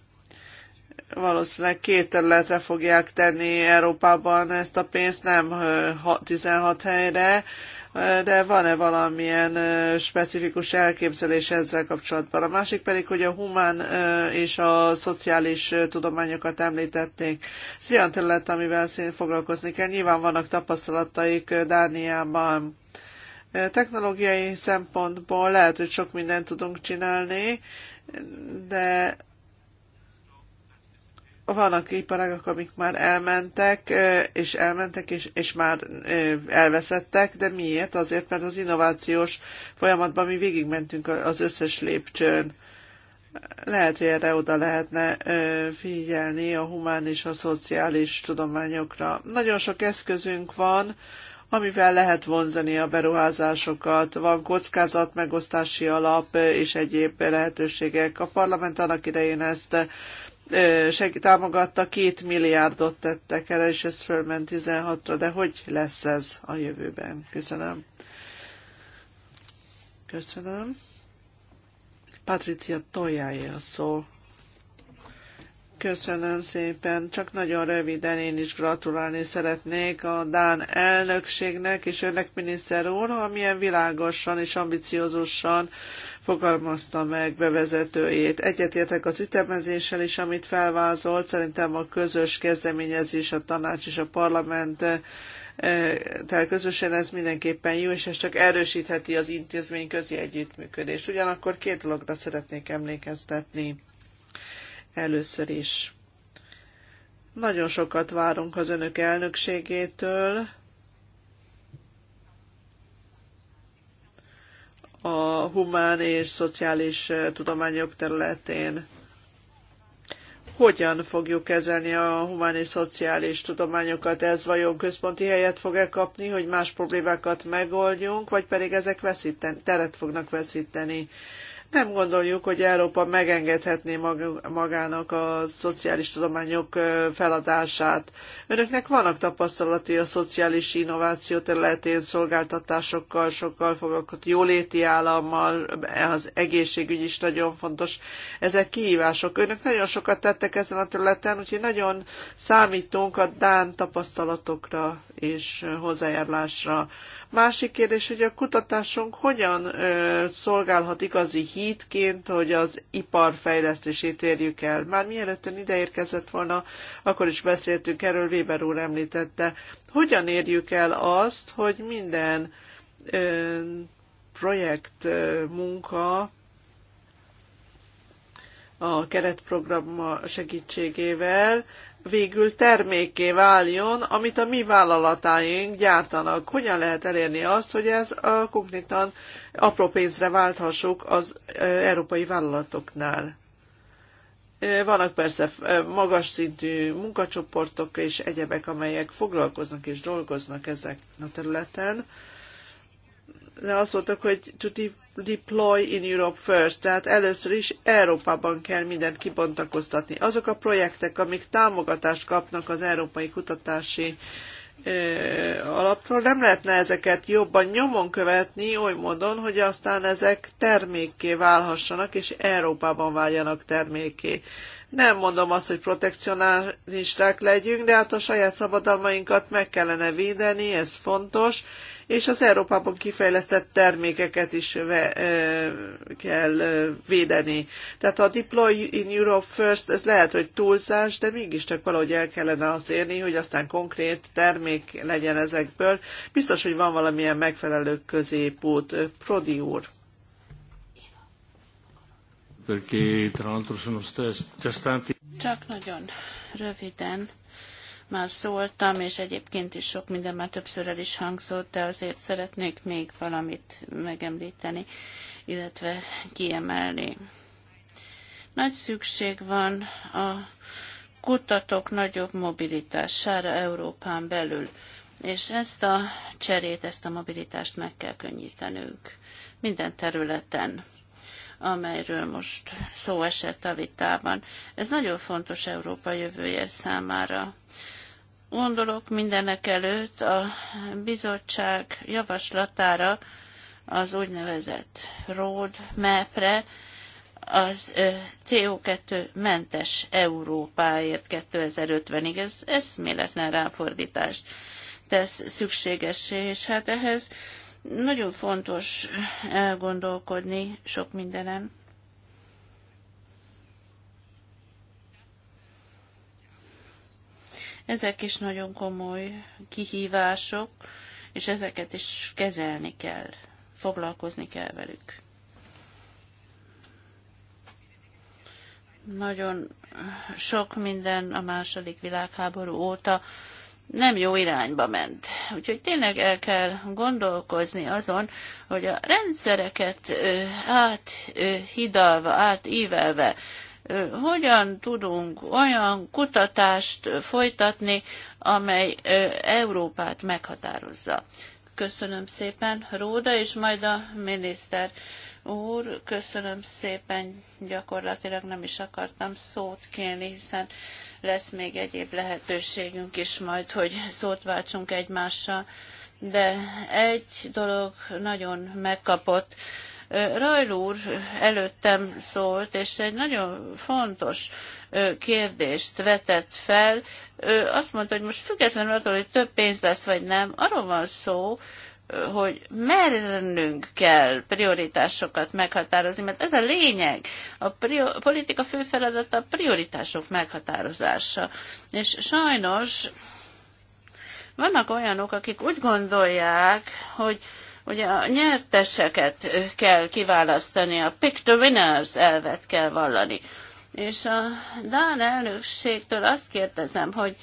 valószínűleg két területre fogják tenni Európában ezt a pénzt, nem 16 helyre, de van-e valamilyen specifikus elképzelés ezzel kapcsolatban? A másik pedig, hogy a humán és a szociális tudományokat említették. Ez olyan terület, amivel szín foglalkozni kell. Nyilván vannak tapasztalataik Dániában. Technológiai szempontból lehet, hogy sok mindent tudunk csinálni, de vannak iparágak, amik már elmentek, és elmentek, és, és már elveszettek, de miért? Azért, mert az innovációs folyamatban mi végigmentünk az összes lépcsőn. Lehet, hogy erre oda lehetne figyelni a humán és a szociális tudományokra. Nagyon sok eszközünk van, amivel lehet vonzani a beruházásokat. Van megosztási alap és egyéb lehetőségek. A parlament annak idején ezt seg, támogatta, két milliárdot tettek el, és ez fölment 16-ra, de hogy lesz ez a jövőben? Köszönöm. Köszönöm. Patricia Tojáé a szó. Köszönöm szépen. Csak nagyon röviden én is gratulálni szeretnék a Dán elnökségnek és önnek miniszter úr, amilyen világosan és ambiciózusan fogalmazta meg bevezetőjét. Egyetértek az ütemezéssel is, amit felvázolt. Szerintem a közös kezdeményezés, a tanács és a parlament eh, tehát közösen ez mindenképpen jó, és ez csak erősítheti az intézmény közi együttműködést. Ugyanakkor két dologra szeretnék emlékeztetni. Először is. Nagyon sokat várunk az önök elnökségétől, a humán és szociális eh, tudományok területén. Hogyan fogjuk kezelni a humán és szociális tudományokat? Ez vajon központi helyet fog-e kapni, hogy más problémákat megoldjunk, vagy pedig ezek veszíten, teret fognak veszíteni? nem gondoljuk, hogy Európa megengedhetné magának a szociális tudományok feladását. Önöknek vannak tapasztalati a szociális innováció területén, szolgáltatásokkal, sokkal foglalkozott jóléti állammal, az egészségügy is nagyon fontos. Ezek kihívások. Önök nagyon sokat tettek ezen a területen, úgyhogy nagyon számítunk a Dán tapasztalatokra és hozzájárlásra. Másik kérdés, hogy a kutatásunk hogyan ö, szolgálhat igazi hídként, hogy az ipar fejlesztését érjük el. Már mielőtt ön ide érkezett volna, akkor is beszéltünk erről, Weber úr említette. Hogyan érjük el azt, hogy minden ö, projekt ö, munka a keretprogram segítségével végül termékké váljon, amit a mi vállalatáink gyártanak. Hogyan lehet elérni azt, hogy ez a konkrétan apró pénzre válthassuk az európai vállalatoknál? Vannak persze magas szintű munkacsoportok és egyebek, amelyek foglalkoznak és dolgoznak ezek a területen, azt mondtak, hogy to deploy in Europe first, tehát először is Európában kell mindent kibontakoztatni. Azok a projektek, amik támogatást kapnak az Európai Kutatási alapról nem lehetne ezeket jobban nyomon követni oly módon, hogy aztán ezek termékké válhassanak, és Európában váljanak termékké. Nem mondom azt, hogy protekcionisták legyünk, de hát a saját szabadalmainkat meg kellene védeni, ez fontos, és az Európában kifejlesztett termékeket is ve, ö, kell ö, védeni. Tehát a Deploy in Europe First, ez lehet, hogy túlzás, de mégiscsak valahogy el kellene azt érni, hogy aztán konkrét termék legyen ezekből. Biztos, hogy van valamilyen megfelelő középút. Prodi úr. Csak nagyon röviden már szóltam, és egyébként is sok minden már többször el is hangzott, de azért szeretnék még valamit megemlíteni, illetve kiemelni. Nagy szükség van a kutatók nagyobb mobilitására Európán belül, és ezt a cserét, ezt a mobilitást meg kell könnyítenünk minden területen amelyről most szó esett a vitában. Ez nagyon fontos Európa jövője számára. Gondolok mindenek előtt a bizottság javaslatára, az úgynevezett roadmap-re, az CO2 mentes Európáért 2050-ig. Ez eszméletlen ráfordítást tesz szükségessé, és hát ehhez nagyon fontos elgondolkodni sok mindenem. Ezek is nagyon komoly kihívások, és ezeket is kezelni kell, foglalkozni kell velük. Nagyon sok minden a második világháború óta nem jó irányba ment. Úgyhogy tényleg el kell gondolkozni azon, hogy a rendszereket áthidalva, átívelve, hogyan tudunk olyan kutatást folytatni, amely Európát meghatározza. Köszönöm szépen, Róda, és majd a miniszter úr. Köszönöm szépen, gyakorlatilag nem is akartam szót kérni, hiszen lesz még egyéb lehetőségünk is majd, hogy szót váltsunk egymással. De egy dolog nagyon megkapott. Rajl úr előttem szólt, és egy nagyon fontos kérdést vetett fel, azt mondta, hogy most függetlenül attól, hogy több pénz lesz vagy nem, arról van szó, hogy mernünk kell prioritásokat meghatározni, mert ez a lényeg. A prior, politika fő feladata a prioritások meghatározása. És sajnos vannak olyanok, akik úgy gondolják, hogy ugye a nyerteseket kell kiválasztani, a pick the winners elvet kell vallani. És a Dán elnökségtől azt kérdezem, hogy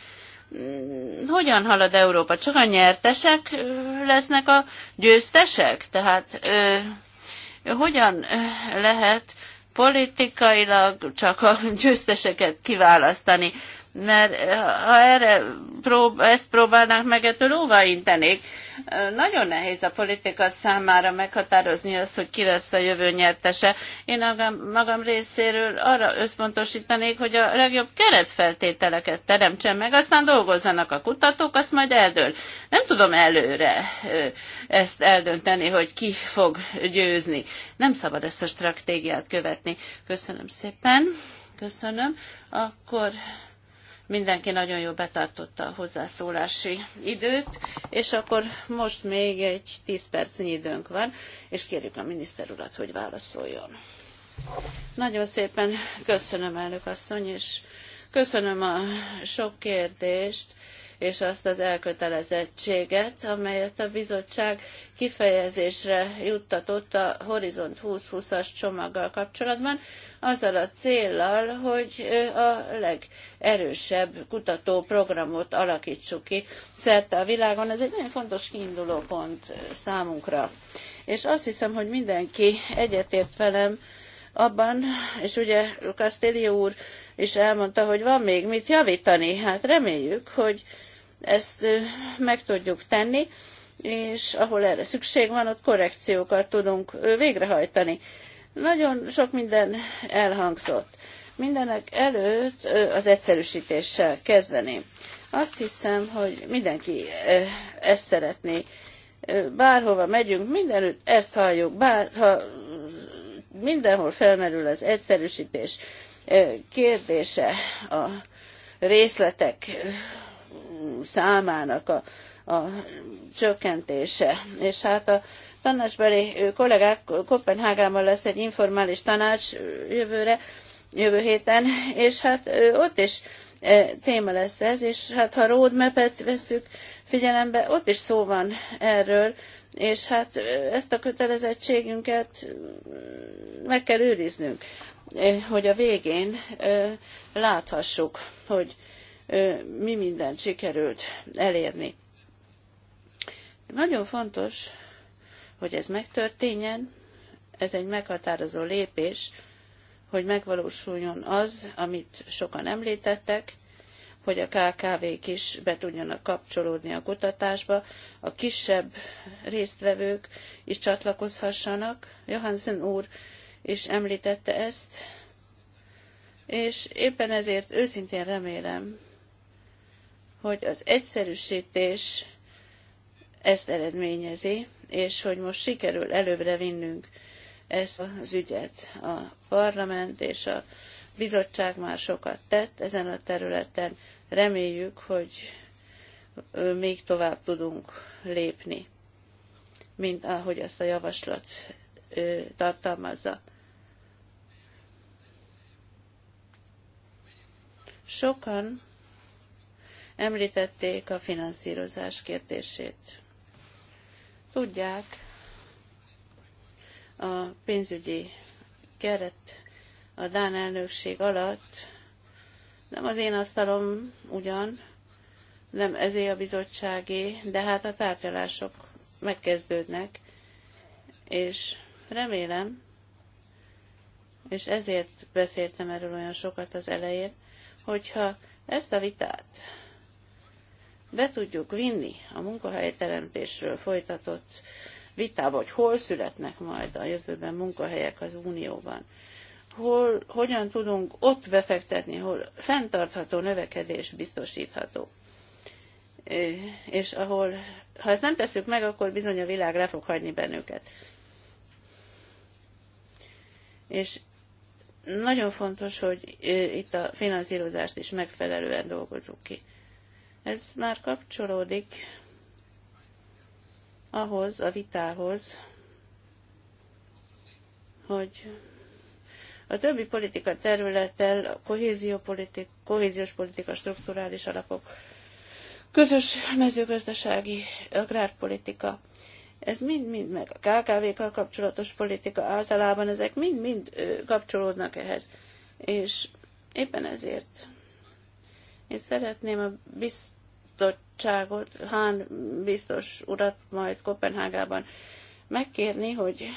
mm, hogyan halad Európa? Csak a nyertesek lesznek a győztesek? Tehát ö, hogyan lehet politikailag csak a győzteseket kiválasztani? mert eh, ha erre prób- ezt próbálnánk meg, ettől óvaintenék. Eh, nagyon nehéz a politika számára meghatározni azt, hogy ki lesz a jövő nyertese. Én magam, magam részéről arra összpontosítanék, hogy a legjobb keretfeltételeket teremtsen meg, aztán dolgozzanak a kutatók, azt majd eldől. Nem tudom előre eh, ezt eldönteni, hogy ki fog győzni. Nem szabad ezt a stratégiát követni. Köszönöm szépen. Köszönöm. Akkor Mindenki nagyon jól betartotta a hozzászólási időt, és akkor most még egy tíz percnyi időnk van, és kérjük a miniszter urat, hogy válaszoljon. Nagyon szépen köszönöm, elnök asszony, és köszönöm a sok kérdést és azt az elkötelezettséget, amelyet a bizottság kifejezésre juttatott a Horizont 2020-as csomaggal kapcsolatban, azzal a céllal, hogy a legerősebb kutatóprogramot alakítsuk ki szerte a világon. Ez egy nagyon fontos kiindulópont számunkra. És azt hiszem, hogy mindenki egyetért velem, abban, és ugye Castillo úr is elmondta, hogy van még mit javítani. Hát reméljük, hogy ezt meg tudjuk tenni, és ahol erre szükség van, ott korrekciókat tudunk végrehajtani. Nagyon sok minden elhangzott. Mindenek előtt az egyszerűsítéssel kezdeném. Azt hiszem, hogy mindenki ezt szeretné. Bárhova megyünk, mindenütt ezt halljuk, bárha mindenhol felmerül az egyszerűsítés kérdése, a részletek számának a, a csökkentése. És hát a tanácsbeli kollégák Kopenhágában lesz egy informális tanács jövőre, jövő héten, és hát ott is téma lesz ez, és hát ha roadmap-et veszük figyelembe, ott is szó van erről, és hát ezt a kötelezettségünket meg kell őriznünk, hogy a végén láthassuk, hogy mi mindent sikerült elérni. Nagyon fontos, hogy ez megtörténjen, ez egy meghatározó lépés, hogy megvalósuljon az, amit sokan említettek, hogy a KKV-k is be tudjanak kapcsolódni a kutatásba, a kisebb résztvevők is csatlakozhassanak. Johansen úr is említette ezt, és éppen ezért őszintén remélem, hogy az egyszerűsítés ezt eredményezi, és hogy most sikerül előbbre vinnünk ezt az ügyet. A parlament és a bizottság már sokat tett ezen a területen, reméljük, hogy még tovább tudunk lépni, mint ahogy azt a javaslat tartalmazza. Sokan Említették a finanszírozás kérdését. Tudják, a pénzügyi keret a Dán elnökség alatt nem az én asztalom ugyan, nem ezé a bizottságé, de hát a tárgyalások megkezdődnek, és remélem, és ezért beszéltem erről olyan sokat az elején, hogyha ezt a vitát be tudjuk vinni a munkahelyteremtésről folytatott vitába, hogy hol születnek majd a jövőben munkahelyek az Unióban, hol, hogyan tudunk ott befektetni, hol fenntartható növekedés biztosítható. És ahol, ha ezt nem tesszük meg, akkor bizony a világ le fog hagyni bennünket. És nagyon fontos, hogy itt a finanszírozást is megfelelően dolgozzuk ki. Ez már kapcsolódik ahhoz a vitához, hogy a többi politika területtel a kohézió politik, kohéziós politika, strukturális alapok, közös mezőgazdasági agrárpolitika, ez mind-mind meg a KKV-kkal kapcsolatos politika általában, ezek mind-mind kapcsolódnak ehhez. És éppen ezért én szeretném a biztottságot, Hán biztos urat majd Kopenhágában megkérni, hogy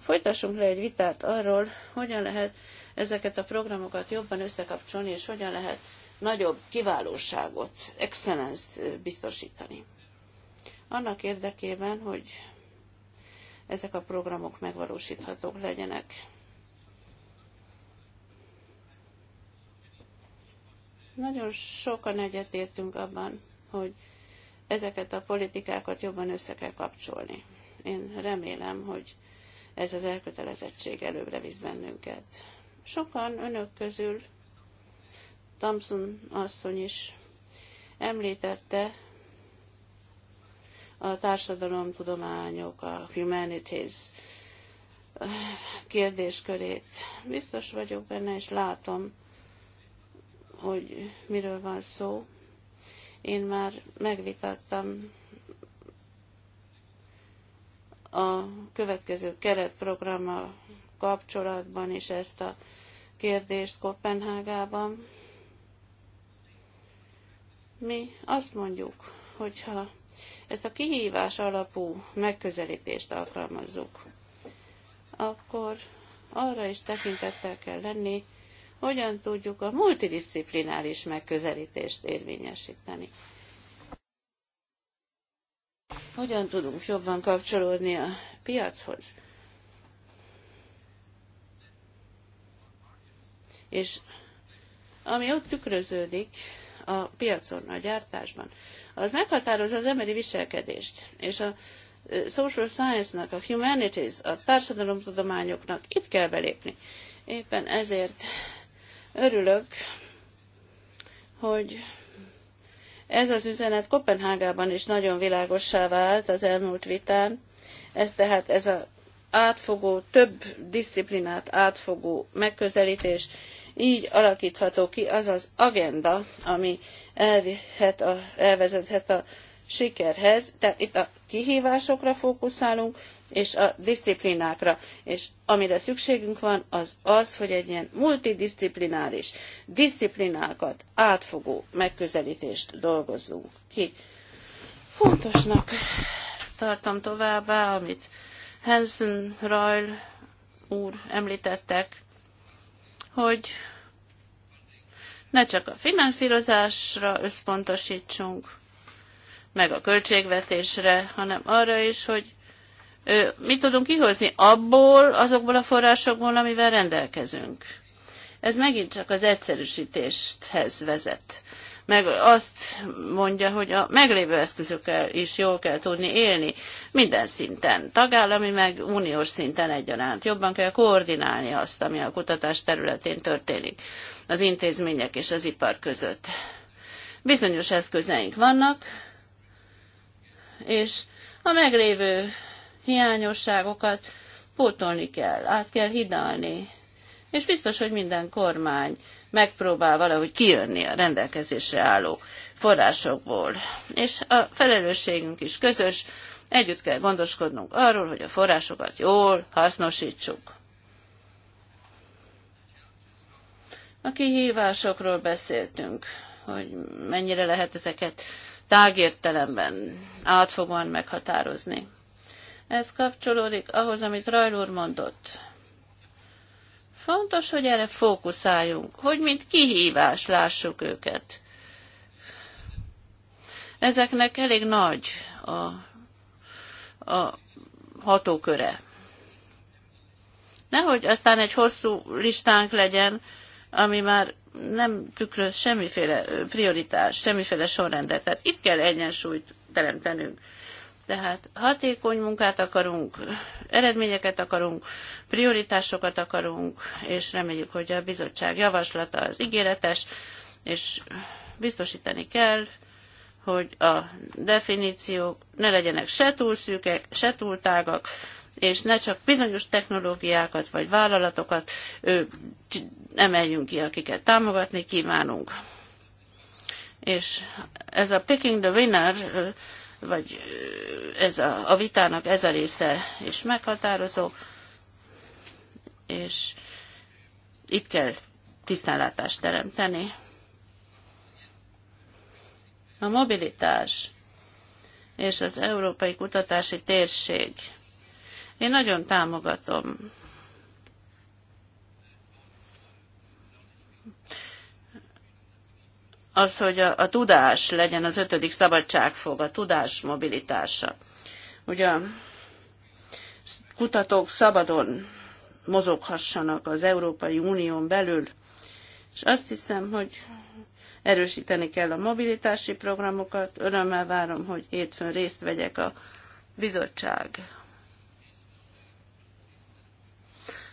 folytassunk le egy vitát arról, hogyan lehet ezeket a programokat jobban összekapcsolni, és hogyan lehet nagyobb kiválóságot, excellence biztosítani. Annak érdekében, hogy ezek a programok megvalósíthatók legyenek. Nagyon sokan egyetértünk abban, hogy ezeket a politikákat jobban össze kell kapcsolni. Én remélem, hogy ez az elkötelezettség előbbre visz bennünket. Sokan önök közül, Thompson asszony is említette a társadalomtudományok, a humanities kérdéskörét. Biztos vagyok benne, és látom, hogy miről van szó. Én már megvitattam a következő keretprogrammal kapcsolatban is ezt a kérdést Kopenhágában. Mi azt mondjuk, hogyha ezt a kihívás alapú megközelítést alkalmazzuk, akkor arra is tekintettel kell lenni, hogyan tudjuk a multidisziplináris megközelítést érvényesíteni. Hogyan tudunk jobban kapcsolódni a piachoz? És ami ott tükröződik a piacon, a gyártásban, az meghatározza az emberi viselkedést. És a social science-nak, a humanities, a társadalomtudományoknak itt kell belépni. Éppen ezért Örülök, hogy ez az üzenet Kopenhágában is nagyon világossá vált az elmúlt vitán. Ez tehát ez a átfogó, több disziplinát átfogó megközelítés így alakítható ki az az agenda, ami elvihet a, elvezethet a sikerhez. Tehát itt a kihívásokra fókuszálunk, és a disziplinákra. És amire szükségünk van, az az, hogy egy ilyen multidisziplináris, disziplinákat átfogó megközelítést dolgozzunk ki. Fontosnak tartom továbbá, amit Hansen Rajl úr említettek, hogy ne csak a finanszírozásra összpontosítsunk, meg a költségvetésre, hanem arra is, hogy mit tudunk kihozni abból, azokból a forrásokból, amivel rendelkezünk. Ez megint csak az egyszerűsítéshez vezet. Meg azt mondja, hogy a meglévő eszközökkel is jól kell tudni élni, minden szinten, tagállami meg uniós szinten egyaránt. Jobban kell koordinálni azt, ami a kutatás területén történik az intézmények és az ipar között. Bizonyos eszközeink vannak, és a meglévő hiányosságokat pótolni kell, át kell hidalni. És biztos, hogy minden kormány megpróbál valahogy kijönni a rendelkezésre álló forrásokból. És a felelősségünk is közös, együtt kell gondoskodnunk arról, hogy a forrásokat jól hasznosítsuk. A kihívásokról beszéltünk, hogy mennyire lehet ezeket tágértelemben átfogóan meghatározni. Ez kapcsolódik ahhoz, amit úr mondott. Fontos, hogy erre fókuszáljunk, hogy mint kihívás lássuk őket. Ezeknek elég nagy a, a hatóköre. Nehogy aztán egy hosszú listánk legyen, ami már nem tükröz semmiféle prioritás, semmiféle sorrendet. Tehát itt kell egyensúlyt teremtenünk. Tehát hatékony munkát akarunk, eredményeket akarunk, prioritásokat akarunk, és reméljük, hogy a bizottság javaslata az ígéretes, és biztosítani kell, hogy a definíciók ne legyenek se túl szűkek, se túl tágak, és ne csak bizonyos technológiákat vagy vállalatokat emeljünk ki, akiket támogatni kívánunk. És ez a picking the winner vagy ez a, a vitának ez a része is meghatározó, és itt kell tisztánlátást teremteni. A mobilitás és az európai kutatási térség. Én nagyon támogatom az, hogy a, a tudás legyen az ötödik szabadságfog, a tudás mobilitása. Ugye kutatók szabadon mozoghassanak az Európai Unión belül, és azt hiszem, hogy erősíteni kell a mobilitási programokat. Örömmel várom, hogy hétfőn részt vegyek a bizottság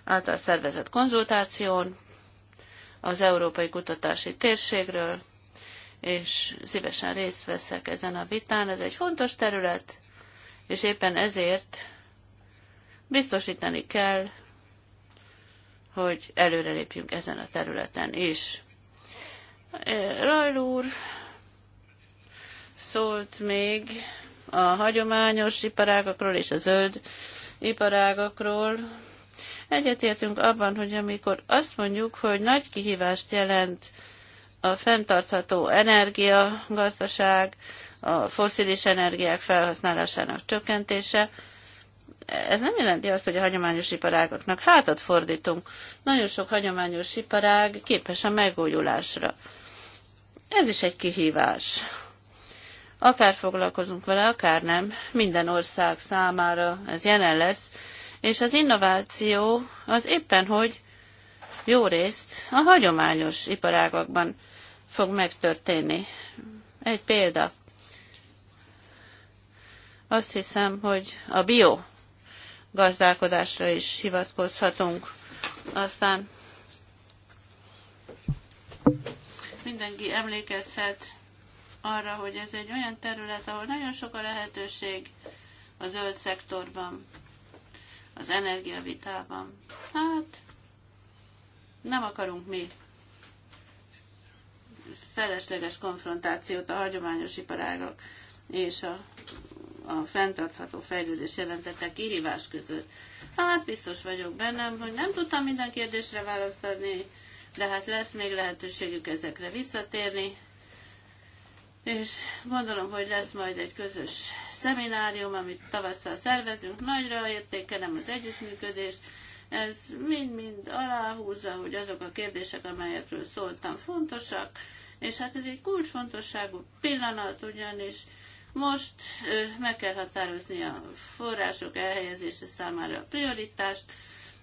által szervezett konzultáción az európai kutatási térségről, és szívesen részt veszek ezen a vitán. Ez egy fontos terület, és éppen ezért biztosítani kell, hogy előrelépjünk ezen a területen is. E, Rajl úr szólt még a hagyományos iparágakról és a zöld iparágakról. Egyetértünk abban, hogy amikor azt mondjuk, hogy nagy kihívást jelent a fenntartható energiagazdaság, a foszilis energiák felhasználásának csökkentése. Ez nem jelenti azt, hogy a hagyományos iparágoknak hátat fordítunk. Nagyon sok hagyományos iparág képes a megújulásra. Ez is egy kihívás. Akár foglalkozunk vele, akár nem, minden ország számára ez jelen lesz, és az innováció az éppen, hogy jó részt a hagyományos iparágakban fog megtörténni. Egy példa. Azt hiszem, hogy a bio gazdálkodásra is hivatkozhatunk. Aztán mindenki emlékezhet arra, hogy ez egy olyan terület, ahol nagyon sok a lehetőség a zöld szektorban, az energiavitában. Hát, nem akarunk mi felesleges konfrontációt a hagyományos iparágak és a, a fenntartható fejlődés jelentette kihívás között. Hát biztos vagyok bennem, hogy nem tudtam minden kérdésre választ adni, de hát lesz még lehetőségük ezekre visszatérni. És gondolom, hogy lesz majd egy közös szeminárium, amit tavasszal szervezünk. Nagyra értékelem az együttműködést, ez mind-mind aláhúzza, hogy azok a kérdések, amelyekről szóltam, fontosak, és hát ez egy kulcsfontosságú pillanat, ugyanis most meg kell határozni a források elhelyezése számára a prioritást,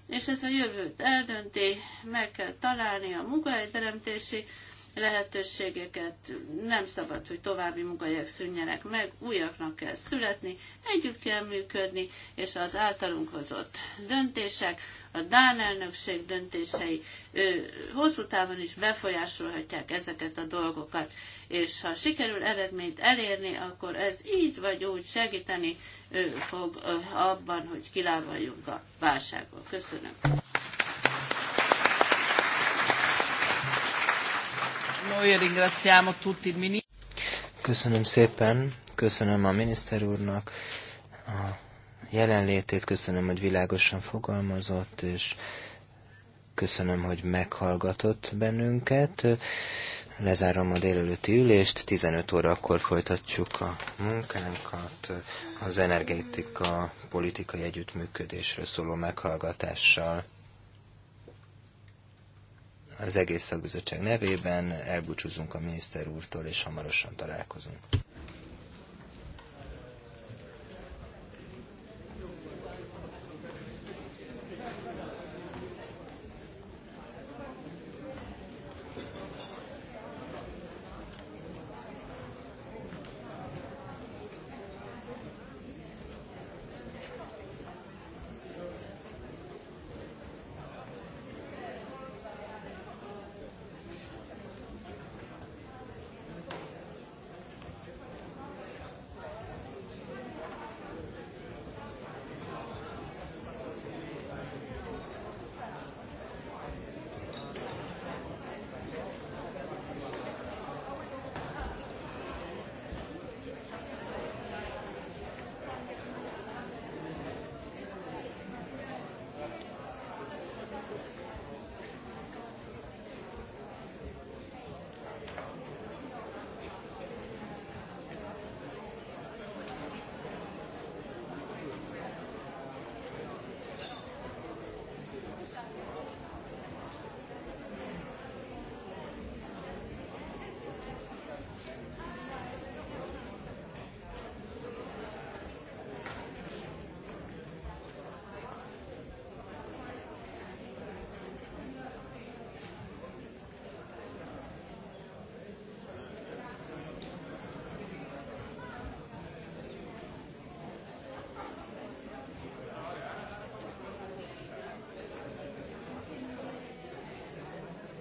és ez a jövőt eldönti, meg kell találni a munkahelyteremtési teremtési lehetőségeket, nem szabad, hogy további munkahelyek szűnjenek meg, újaknak kell születni, együtt kell működni, és az általunk hozott döntések, a Dán elnökség döntései ő, hosszú távon is befolyásolhatják ezeket a dolgokat, és ha sikerül eredményt elérni, akkor ez így vagy úgy segíteni ő fog abban, hogy kilábaljunk a válságból. Köszönöm. Köszönöm szépen, köszönöm a miniszter úrnak a jelenlétét, köszönöm, hogy világosan fogalmazott, és köszönöm, hogy meghallgatott bennünket. Lezárom a délelőtti ülést, 15 órakor folytatjuk a munkánkat az energetika politikai együttműködésről szóló meghallgatással az egész szakbizottság nevében elbúcsúzunk a miniszter úrtól, és hamarosan találkozunk.